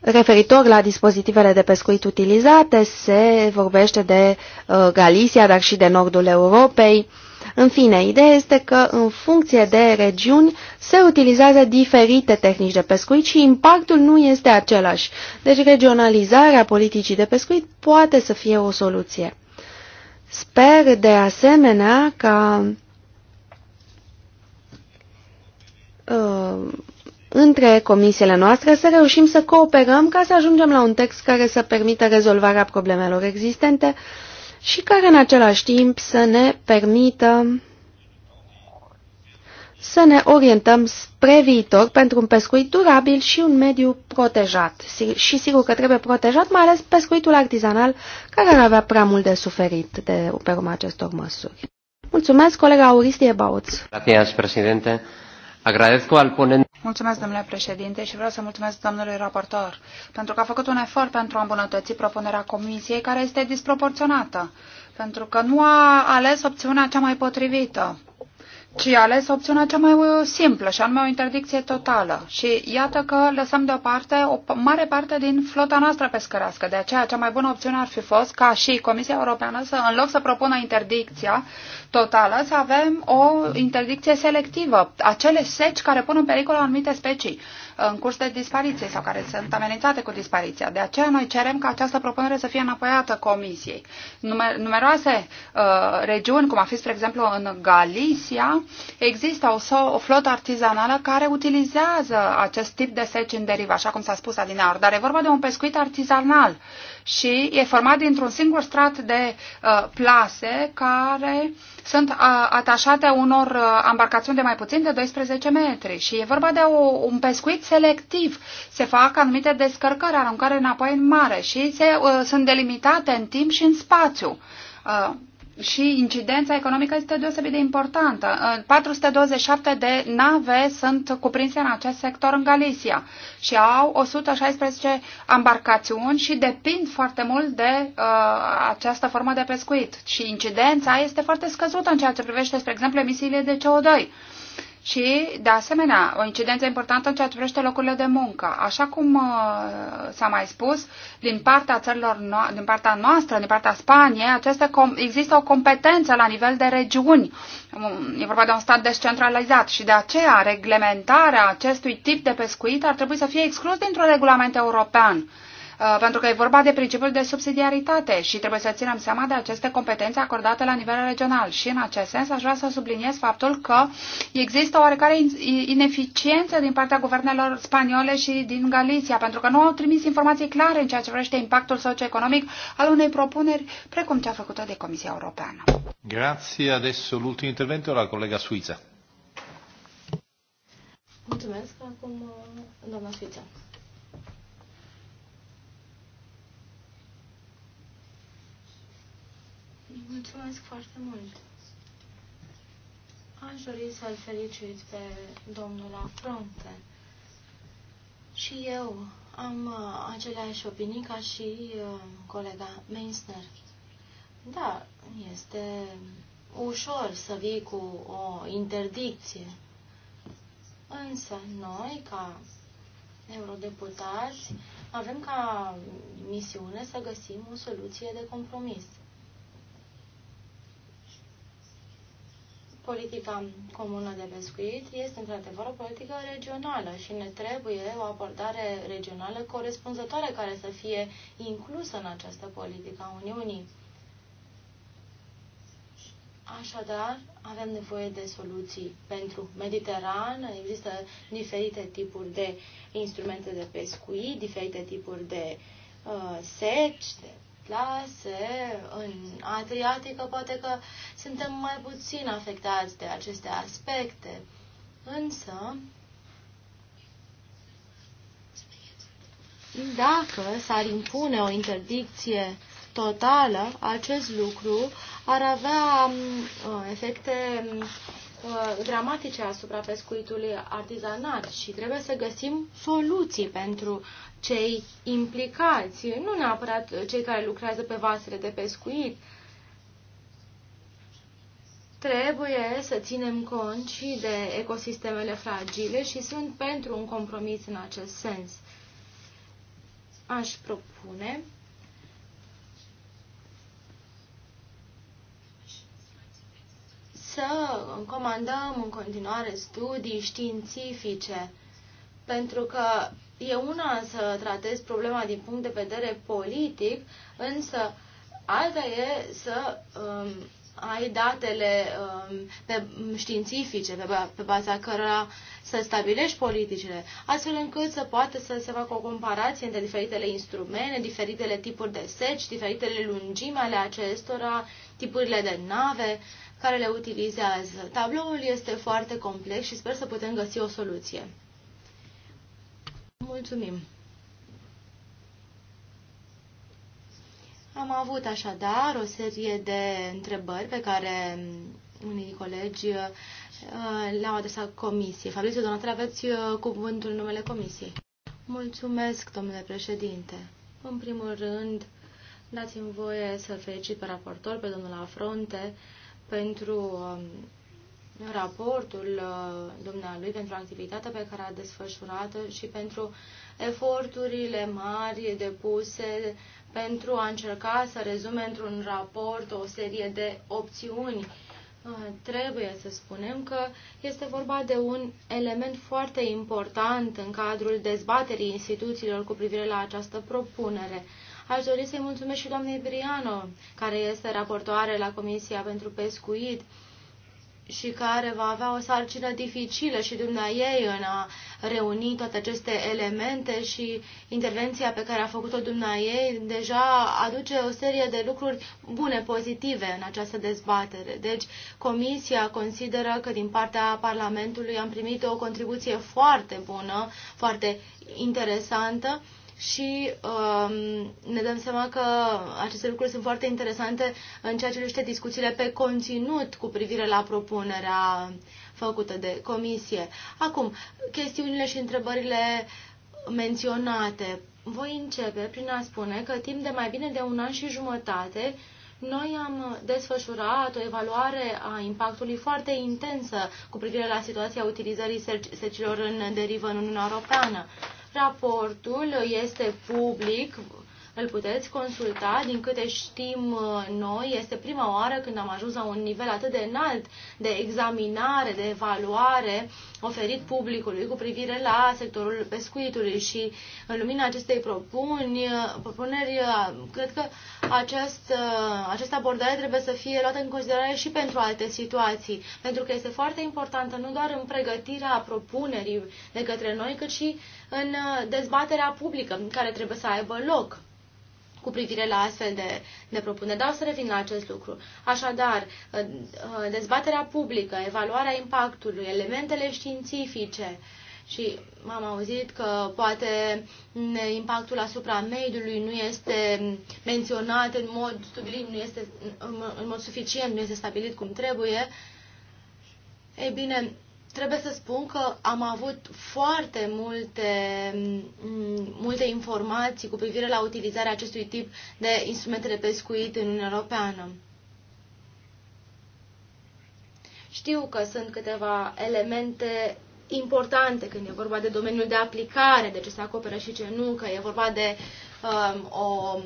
referitor la dispozitivele de pescuit utilizate, se vorbește de uh, Galicia, dar și de nordul Europei, în fine, ideea este că în funcție de regiuni se utilizează diferite tehnici de pescuit și impactul nu este același. Deci regionalizarea politicii de pescuit poate să fie o soluție. Sper de asemenea ca uh, între comisiile noastre să reușim să cooperăm ca să ajungem la un text care să permită rezolvarea problemelor existente uh, și care în același timp să ne permită să ne orientăm spre viitor pentru un pescuit durabil și un mediu protejat. Și sigur că trebuie protejat mai ales pescuitul artizanal, care ar avea prea mult de suferit de pe urma acestor măsuri. Mulțumesc, colega Auristie Bauț. Gracias, Mulțumesc, domnule președinte, și vreau să mulțumesc domnului raportor pentru că a făcut un efort pentru a îmbunătăți propunerea comisiei, care este disproporționată, pentru că nu a ales opțiunea cea mai potrivită ci a ales opțiunea cea mai uh, simplă, și anume o interdicție totală. Și iată că lăsăm deoparte o mare parte din flota noastră pescărească. De aceea, cea mai bună opțiune ar fi fost ca și Comisia Europeană să, în loc să propună interdicția totală, să avem o interdicție selectivă, acele seci care pun în pericol anumite specii în curs de dispariție sau care sunt amenințate cu dispariția. De aceea noi cerem ca această propunere să fie înapoiată Comisiei. Numeroase uh, regiuni, cum a fi, spre exemplu, în Galicia, există o, o flotă artizanală care utilizează acest tip de seci în derivă, așa cum s-a spus adineaur, dar e vorba de un pescuit artizanal și e format dintr-un singur strat de uh, plase care sunt uh, atașate unor uh, embarcațiuni de mai puțin de 12 metri și e vorba de o, un pescuit selectiv. Se fac anumite descărcări, aruncare înapoi în mare și se, uh, sunt delimitate în timp și în spațiu. Uh, și incidența economică este deosebit de importantă. 427 uh, de nave sunt cuprinse în acest sector în Galicia și au 116 embarcațiuni și depind foarte mult de uh, această formă de pescuit. Și incidența este foarte scăzută în ceea ce privește, spre exemplu, emisiile de CO2 și, de asemenea, o incidență importantă în ceea ce privește locurile de muncă. Așa cum uh, s-a mai spus, din partea țărilor no- din partea noastră, din partea Spaniei, există o competență la nivel de regiuni. Mm, e vorba de un stat descentralizat și de aceea reglementarea acestui tip de pescuit ar trebui să fie exclus dintr-un regulament european. Uh, pentru că e vorba de principiul de subsidiaritate și trebuie să ținem seama de aceste competențe acordate la nivel regional. Și în acest sens aș vrea să subliniez faptul că există oarecare ineficiență din partea guvernelor spaniole și din Galicia, pentru că nu au trimis informații clare în ceea ce privește impactul socioeconomic al unei propuneri precum cea făcută de Comisia Europeană. Grazie. Adesso l'ultimo intervento la collega Suiza. Mulțumesc. Acum doamna Suiza. Mulțumesc foarte mult. Aș dori să-l felicit pe domnul Afronte. Și eu am uh, aceleași opinii ca și uh, colega Meisner. Da, este ușor să vii cu o interdicție. Însă noi, ca eurodeputați, avem ca misiune să găsim o soluție de compromis. Politica comună de pescuit este într-adevăr o politică regională și ne trebuie o abordare regională corespunzătoare care să fie inclusă în această politică a Uniunii. Așadar, avem nevoie de soluții pentru Mediterană. Există diferite tipuri de instrumente de pescuit, diferite tipuri de uh, seci, de clase în Adriatică, poate că suntem mai puțin afectați de aceste aspecte. Însă, dacă s-ar impune o interdicție totală, acest lucru ar avea um, uh, efecte um, Uh, dramatice asupra pescuitului artizanat și trebuie să găsim soluții pentru cei implicați, nu neapărat cei care lucrează pe vasele de pescuit. Trebuie să ținem cont și de ecosistemele fragile și sunt pentru un compromis în acest sens. Aș propune să comandăm în continuare studii științifice, pentru că e una să tratezi problema din punct de vedere politic, însă alta e să um, ai datele um, pe, um, științifice pe, pe baza cărora să stabilești politicile, astfel încât să poată să se facă o comparație între diferitele instrumente, diferitele tipuri de seci, diferitele lungime ale acestora, tipurile de nave, uh, care le utilizează. Tabloul este foarte complex și sper să putem găsi o soluție. Mulțumim! Am avut așadar o serie de întrebări pe care unii colegi uh, le-au adresat comisiei. Fabrizio Donatel, aveți uh, cuvântul în numele comisiei. Mulțumesc, domnule președinte. În primul rând, dați-mi voie să felicit pe raportor, pe domnul Afronte, pentru um, raportul uh, dumnealui, pentru activitatea pe care a desfășurat și pentru eforturile mari depuse pentru a încerca să rezume într-un raport o serie de opțiuni. Uh, trebuie să spunem că este vorba de un element foarte important în cadrul dezbaterii instituțiilor cu privire la această propunere. Aș dori să-i mulțumesc și doamnei Briano, care este raportoare la Comisia pentru Pescuit și care va avea o sarcină dificilă și dumnea ei în a reuni toate aceste elemente și intervenția pe care a făcut-o dumnea ei deja aduce o serie de lucruri bune, pozitive în această dezbatere. Deci Comisia consideră că din partea Parlamentului am primit o contribuție foarte bună, foarte interesantă și um, ne dăm seama că aceste lucruri sunt foarte interesante în ceea ce privește discuțiile pe conținut cu privire la propunerea făcută de comisie. Acum, chestiunile și întrebările menționate. Voi începe prin a spune că timp de mai bine de un an și jumătate noi am desfășurat o evaluare a impactului foarte intensă cu privire la situația utilizării secilor în derivă în Uniunea Europeană. Raportul este public, îl puteți consulta, din câte știm uh, noi, este prima oară când am ajuns la un nivel atât de înalt de examinare, de evaluare oferit publicului cu privire la sectorul pescuitului și în lumina acestei propuni, propuneri, uh, cred că acest, uh, această abordare trebuie să fie luată în considerare și pentru alte situații, pentru că este foarte importantă nu doar în pregătirea propunerii de către noi, cât și în dezbaterea publică care trebuie să aibă loc cu privire la astfel de, de propuneri. Dar o să revin la acest lucru. Așadar, dezbaterea publică, evaluarea impactului, elementele științifice, și am auzit că poate impactul asupra mediului nu este menționat în mod sublim, nu este în mod suficient, nu este stabilit cum trebuie. Ei bine, trebuie să spun că am avut foarte multe, mm, multe informații cu privire la utilizarea acestui tip de instrumente de pescuit în Uniunea Europeană. Știu că sunt câteva elemente importante când e vorba de domeniul de aplicare, de ce se acoperă și ce nu, că e vorba de um, o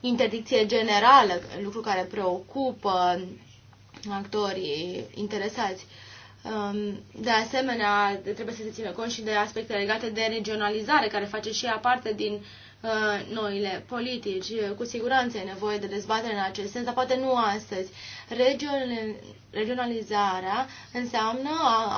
interdicție generală, lucru care preocupă actorii interesați. Uh, Um, de asemenea, trebuie să se țină cont și de aspecte legate de regionalizare, care face și ea parte din uh, noile politici. Cu siguranță e nevoie de dezbatere în acest sens, dar poate nu astăzi. Regionalizarea înseamnă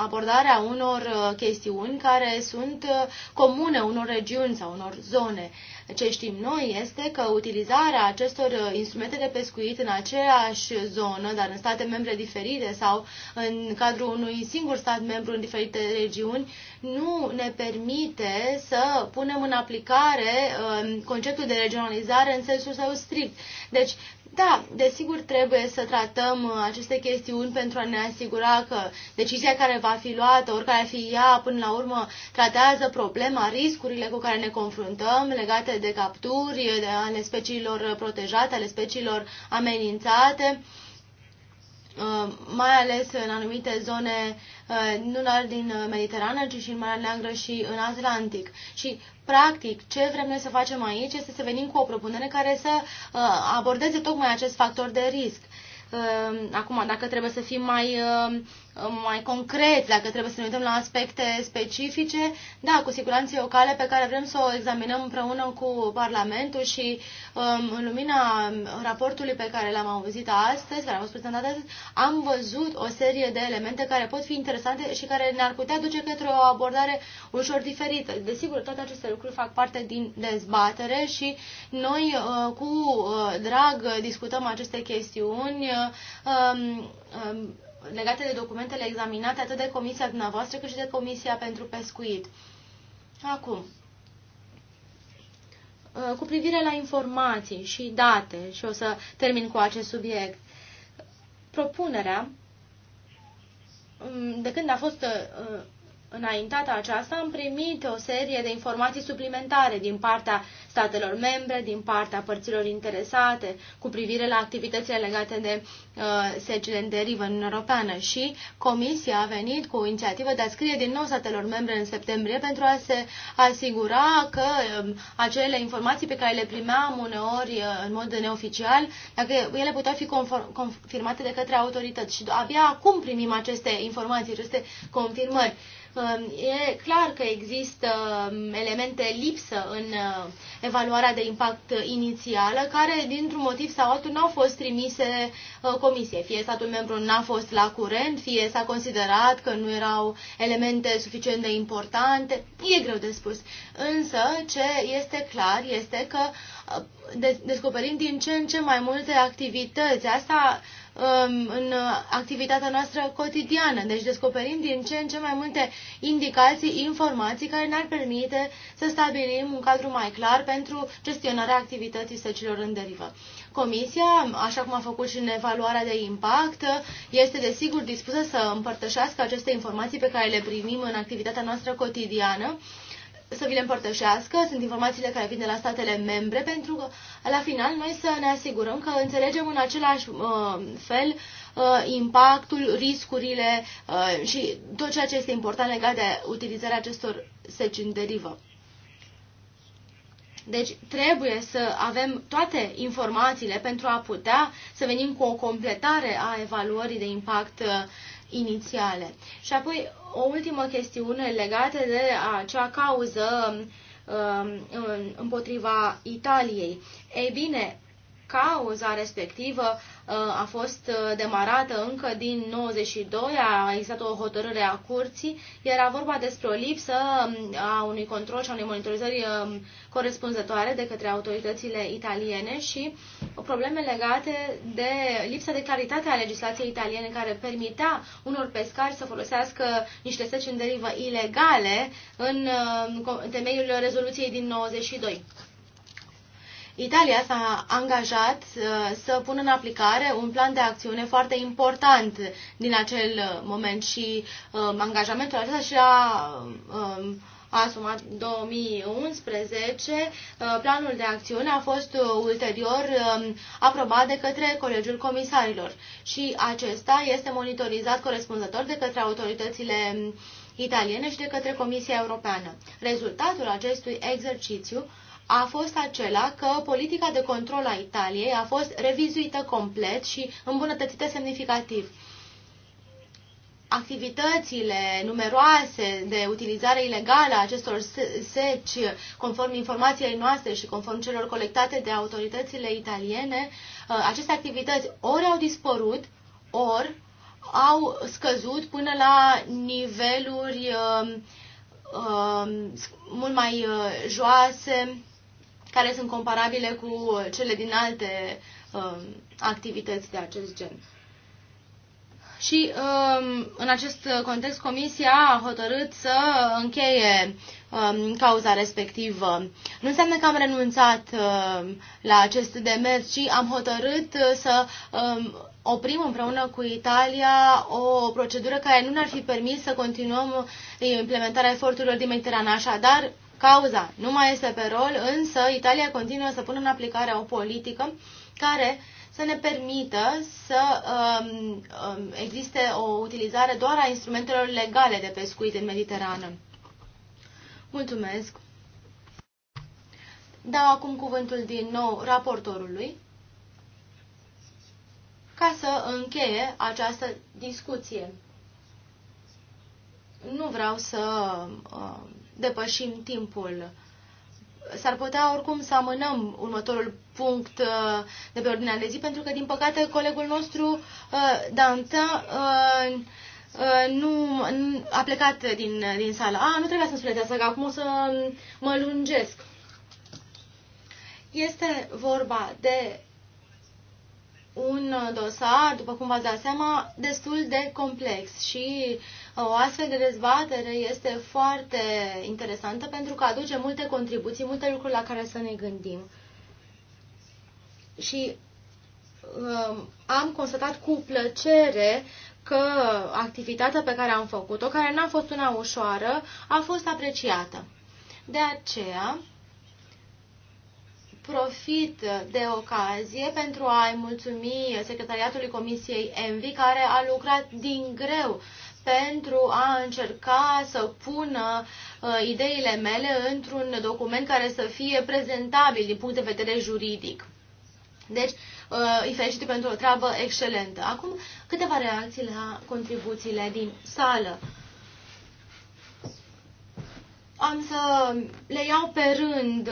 abordarea unor uh, chestiuni care sunt uh, comune unor regiuni sau unor zone. Ce știm noi este că utilizarea acestor uh, instrumente de pescuit în aceeași zonă, dar în state membre diferite sau în cadrul unui singur stat membru în diferite regiuni, nu ne permite să punem în aplicare uh, conceptul de regionalizare în sensul său strict. Deci da, desigur trebuie să tratăm uh, aceste chestiuni pentru a ne asigura că decizia care va fi luată, oricare ar fi ea, până la urmă tratează problema, riscurile cu care ne confruntăm legate de capturi, de ale speciilor protejate, ale speciilor amenințate, uh, mai ales în anumite zone Uh, nu doar din uh, Mediterană, ci și în Marea Neagră și în Atlantic. Și, practic, ce vrem noi să facem aici este să venim cu o propunere care să uh, abordeze tocmai acest factor de risc. Acum, dacă trebuie să fim mai mai concret, dacă trebuie să ne uităm la aspecte specifice, da, cu siguranță e o cale pe care vrem să o examinăm împreună cu Parlamentul și um, în lumina raportului pe care l-am auzit astăzi, care a fost prezentat astăzi, am văzut o serie de elemente care pot fi interesante și care ne-ar putea duce către o abordare ușor diferită. Desigur, toate aceste lucruri fac parte din dezbatere și noi uh, cu uh, drag discutăm aceste chestiuni. Uh, um, um legate de documentele examinate atât de Comisia dumneavoastră cât și de Comisia pentru Pescuit. Acum, uh, cu privire la informații și date, și o să termin cu acest subiect, propunerea, um, de când a fost uh, înaintat aceasta, am primit o serie de informații suplimentare din partea statelor membre, din partea părților interesate, cu privire la activitățile legate de uh, secile în derivă în Europeană și Comisia a venit cu o inițiativă de a scrie din nou statelor membre în septembrie pentru a se asigura că um, acele informații pe care le primeam uneori uh, în mod neoficial, dacă ele puteau fi confirmate de către autorități. Și abia acum primim aceste informații, aceste confirmări. Uh, Um, e clar că există um, elemente lipsă în uh, evaluarea de impact inițială, care dintr-un motiv sau altul nu au fost trimise uh, comisiei. Fie statul membru n-a fost la curent, fie s-a considerat că nu erau elemente suficient de importante. E greu de spus. Însă, ce este clar este că uh, descoperim din ce în ce mai multe activități. Asta Um, în activitatea noastră cotidiană. Deci descoperim din ce în ce mai multe indicații, informații care ne-ar permite să stabilim un cadru mai clar pentru gestionarea activității secilor în derivă. Comisia, așa cum a făcut și în evaluarea de impact, este desigur dispusă să împărtășească aceste informații pe care le primim în activitatea noastră cotidiană să vi le împărtășească, sunt informațiile care vin de la statele membre, pentru că la final noi să ne asigurăm că înțelegem în același uh, fel uh, impactul, riscurile uh, și tot ceea ce este important legat de utilizarea acestor seci în derivă. Deci trebuie să avem toate informațiile pentru a putea să venim cu o completare a evaluării de impact uh, inițiale. Și apoi o ultimă chestiune legată de acea cauză um, împotriva Italiei. Ei bine, cauza respectivă a fost uh, demarată încă din 92, a existat o hotărâre a curții, era vorba despre o lipsă um, a unui control și a unei monitorizări um, corespunzătoare de către autoritățile italiene și o probleme legate de lipsa de claritate a legislației italiene care permitea unor pescari să folosească niște seci în derivă ilegale în um, temeiul rezoluției din 92. Italia s-a angajat uh, să pună în aplicare un plan de acțiune foarte important din acel uh, moment și um, angajamentul acesta și-a um, a asumat 2011. Uh, planul de acțiune a fost ulterior um, aprobat de către Colegiul Comisarilor și acesta este monitorizat corespunzător de către autoritățile italiene și de către Comisia Europeană. Rezultatul acestui exercițiu a fost acela că politica de control a Italiei a fost revizuită complet și îmbunătățită semnificativ. Activitățile numeroase de utilizare ilegală a acestor seci, conform informației noastre și conform celor colectate de autoritățile italiene, uh, aceste activități ori au dispărut, ori au scăzut până la niveluri uh, uh mult mai uh, joase care sunt comparabile cu cele din alte uh, activități de acest gen. Și um, în acest context, Comisia a hotărât să încheie um, cauza respectivă. Nu înseamnă că am renunțat um, la acest demers, ci am hotărât să um, oprim împreună cu Italia o procedură care nu ne-ar fi permis să continuăm implementarea eforturilor din Mediterana. Așadar, Cauza nu mai este pe rol, însă Italia continuă să pună în aplicare o politică care să ne permită să um, um, existe o utilizare doar a instrumentelor legale de pescuit în Mediterană. Mulțumesc! Dau acum cuvântul din nou raportorului ca să încheie această discuție. Nu vreau să um, depășim timpul. S-ar putea oricum să amânăm următorul punct uh, de pe ordinea de zi, pentru că, din păcate, colegul nostru, uh, Danta, uh, nu, a plecat din, din sală. A, nu trebuia să-mi spuneți asta, că acum o să mă lungesc. Este vorba de un dosar, după cum v-ați dat seama, destul de complex și uh, o astfel de dezbatere este foarte interesantă pentru că aduce multe contribuții, multe lucruri la care să ne gândim. Și um, am constatat cu plăcere că activitatea pe care am făcut-o, care n-a fost una ușoară, a fost apreciată. De aceea, profit de ocazie pentru a-i mulțumi secretariatului Comisiei Envi, care a lucrat din greu pentru a încerca să pună uh, ideile mele într-un document care să fie prezentabil din punct de vedere juridic. Deci, uh, îi felicit pentru o treabă excelentă. Acum, câteva reacții la contribuțiile din sală. Am să le iau pe rând.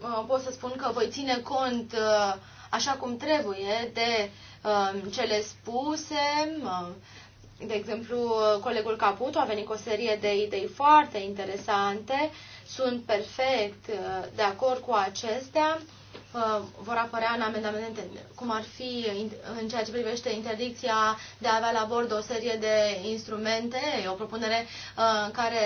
Uh, pot să spun că voi ține cont, uh, așa cum trebuie, de uh, cele spuse. De exemplu, colegul Caputo a venit cu o serie de idei foarte interesante. Sunt perfect uh, de acord cu acestea. Uh, vor apărea în amendamente, cum ar fi în ceea ce privește interdicția de a avea la bord o serie de instrumente. E o propunere uh, care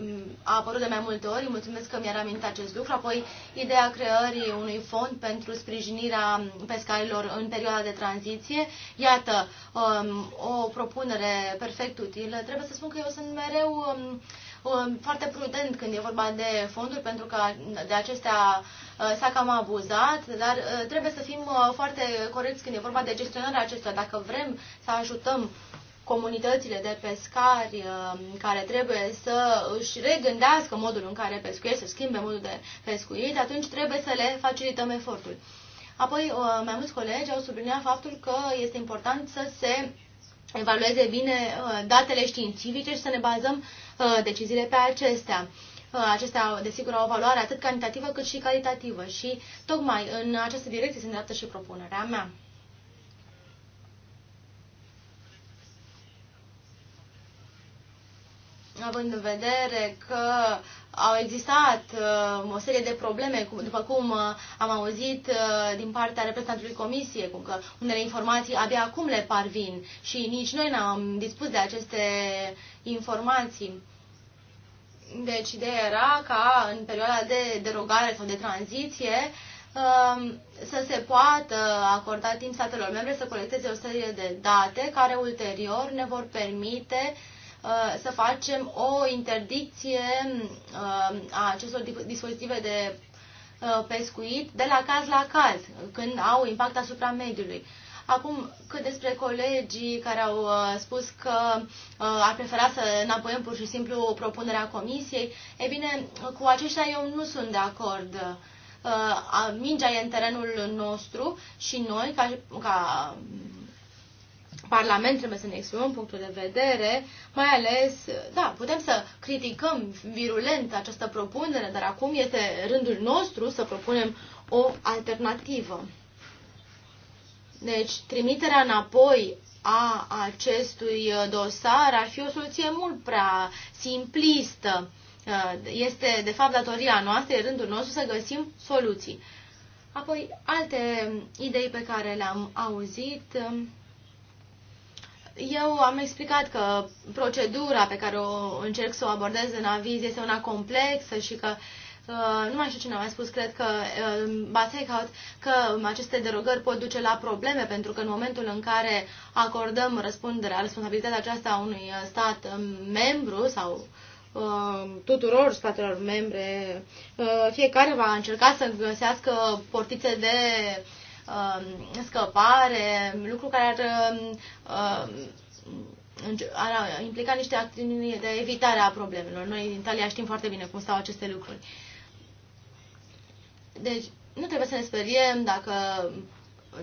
mm, a apărut de mai multe ori. Mulțumesc că mi-a amintit acest lucru. Apoi, ideea creării unui fond pentru sprijinirea pescarilor în perioada de tranziție. Iată, um, o propunere perfect utilă. Trebuie să spun că eu sunt mereu um, um, foarte prudent când e vorba de fonduri, pentru că de acestea Uh, s-a cam abuzat, dar uh, trebuie să fim uh, foarte corecți când e vorba de gestionarea acestora. Dacă vrem să ajutăm comunitățile de pescari care trebuie să își regândească modul în care pescuiesc, să schimbe modul de pescuit, atunci trebuie să le facilităm efortul. Apoi, mai mulți colegi au subliniat faptul că este important să se evalueze bine datele științifice și să ne bazăm deciziile pe acestea. Acestea, desigur, au o valoare atât cantitativă cât și calitativă și tocmai în această direcție se îndreaptă și propunerea mea. având în vedere că au existat uh, o serie de probleme, după cum uh, am auzit uh, din partea reprezentantului comisie, cum că unele informații abia acum le parvin și nici noi n-am dispus de aceste informații. Deci ideea era ca în perioada de derogare sau de tranziție um, să se poată acorda timp statelor membre să colecteze o serie de date care ulterior ne vor permite uh, să facem o interdicție um, a acestor dispozitive de uh, pescuit de la caz la caz, când au impact asupra mediului. Acum, cât despre colegii care au uh, spus că uh, ar prefera să înapoiem pur și simplu propunerea comisiei, e bine, cu aceștia eu nu sunt de acord. Uh, mingea e în terenul nostru și noi, ca, ca Parlament trebuie să ne exprimăm punctul de vedere, mai ales, da, putem să criticăm virulent această propunere, dar acum este rândul nostru să propunem o alternativă. Deci, trimiterea înapoi a acestui uh, dosar ar fi o soluție mult prea simplistă. Uh, este, de fapt, datoria noastră, e rândul nostru să găsim soluții. Apoi, alte idei pe care le-am auzit. Um, eu am explicat că procedura pe care o încerc să o abordez în aviz este una complexă și că uh, nu mai știu cine a mai spus, cred că uh, Basecaut, că um, aceste derogări pot duce la probleme, pentru că în momentul în care acordăm răspunderea, responsabilitatea aceasta unui uh, stat um, membru sau um, tuturor statelor membre, uh, fiecare va încerca să găsească portițe de scăpare, lucru care ar ar implica niște acțiuni de evitare a problemelor. Noi din Italia știm foarte bine cum stau aceste lucruri. Deci, nu trebuie să ne speriem dacă,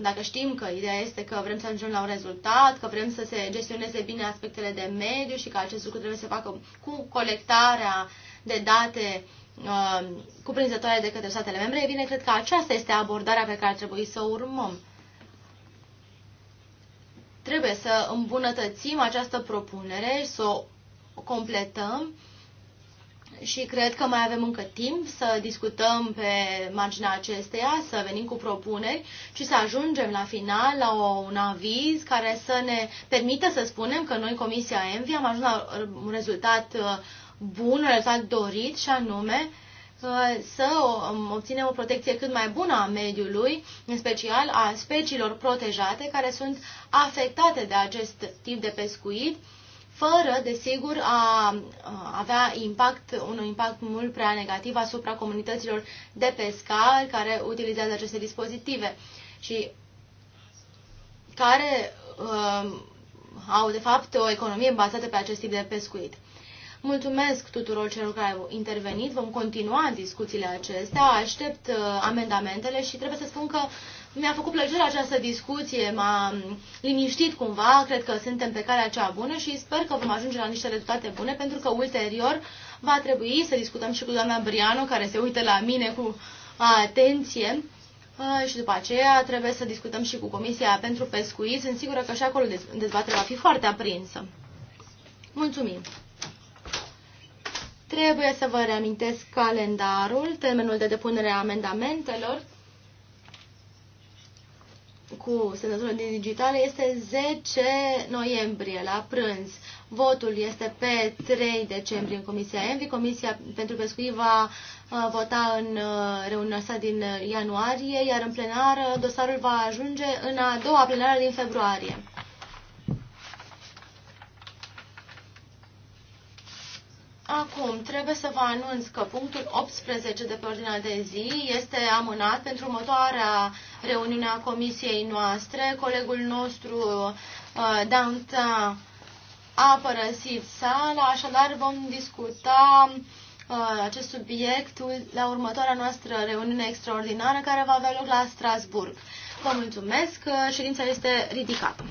dacă știm că ideea este că vrem să ajungem la un rezultat, că vrem să se gestioneze bine aspectele de mediu și că acest lucru trebuie să se facă cu colectarea de date uh, cuprinzătoare de către statele membre. E bine, cred că aceasta este abordarea pe care ar trebui să o urmăm. Trebuie să îmbunătățim această propunere, să o completăm și cred că mai avem încă timp să discutăm pe marginea acesteia, să venim cu propuneri și să ajungem la final la o, un aviz care să ne permită să spunem că noi, Comisia ENVI, am ajuns la un rezultat uh, bun, un rezultat dorit și anume uh, să um, obținem o protecție cât mai bună a mediului, în special a speciilor protejate care sunt afectate de acest tip de pescuit fără, desigur, a avea impact, un impact mult prea negativ asupra comunităților de pescari care utilizează aceste dispozitive și care uh, au, de fapt, o economie bazată pe acest tip de pescuit. Mulțumesc tuturor celor care au intervenit. Vom continua discuțiile acestea. Aștept uh, amendamentele și trebuie să spun că uh, mi-a făcut plăcere această discuție, m-a liniștit cumva, cred că suntem pe calea cea bună și sper că vom ajunge la niște rezultate bune, pentru că ulterior va trebui să discutăm și cu doamna Briano, care se uită la mine cu atenție. Și după aceea trebuie să discutăm și cu Comisia pentru Pescuit. Sunt sigură că și acolo dezbaterea va fi foarte aprinsă. Mulțumim! Trebuie să vă reamintesc calendarul, termenul de depunere a amendamentelor cu semnătură digitală este 10 noiembrie la prânz. Votul este pe 3 decembrie în Comisia Envi. Comisia pentru pescuit va uh, vota în uh, reuniunea sa din ianuarie, iar în plenară dosarul va ajunge în a doua plenară din februarie. Acum, trebuie să vă anunț că punctul 18 de pe ordinea de zi este amânat pentru următoarea reuniune a comisiei noastre. Colegul nostru, uh, Danta, a părăsit sala, așadar vom discuta uh, acest subiect la următoarea noastră reuniune extraordinară care va avea loc la Strasburg. Vă mulțumesc, uh, ședința este ridicată.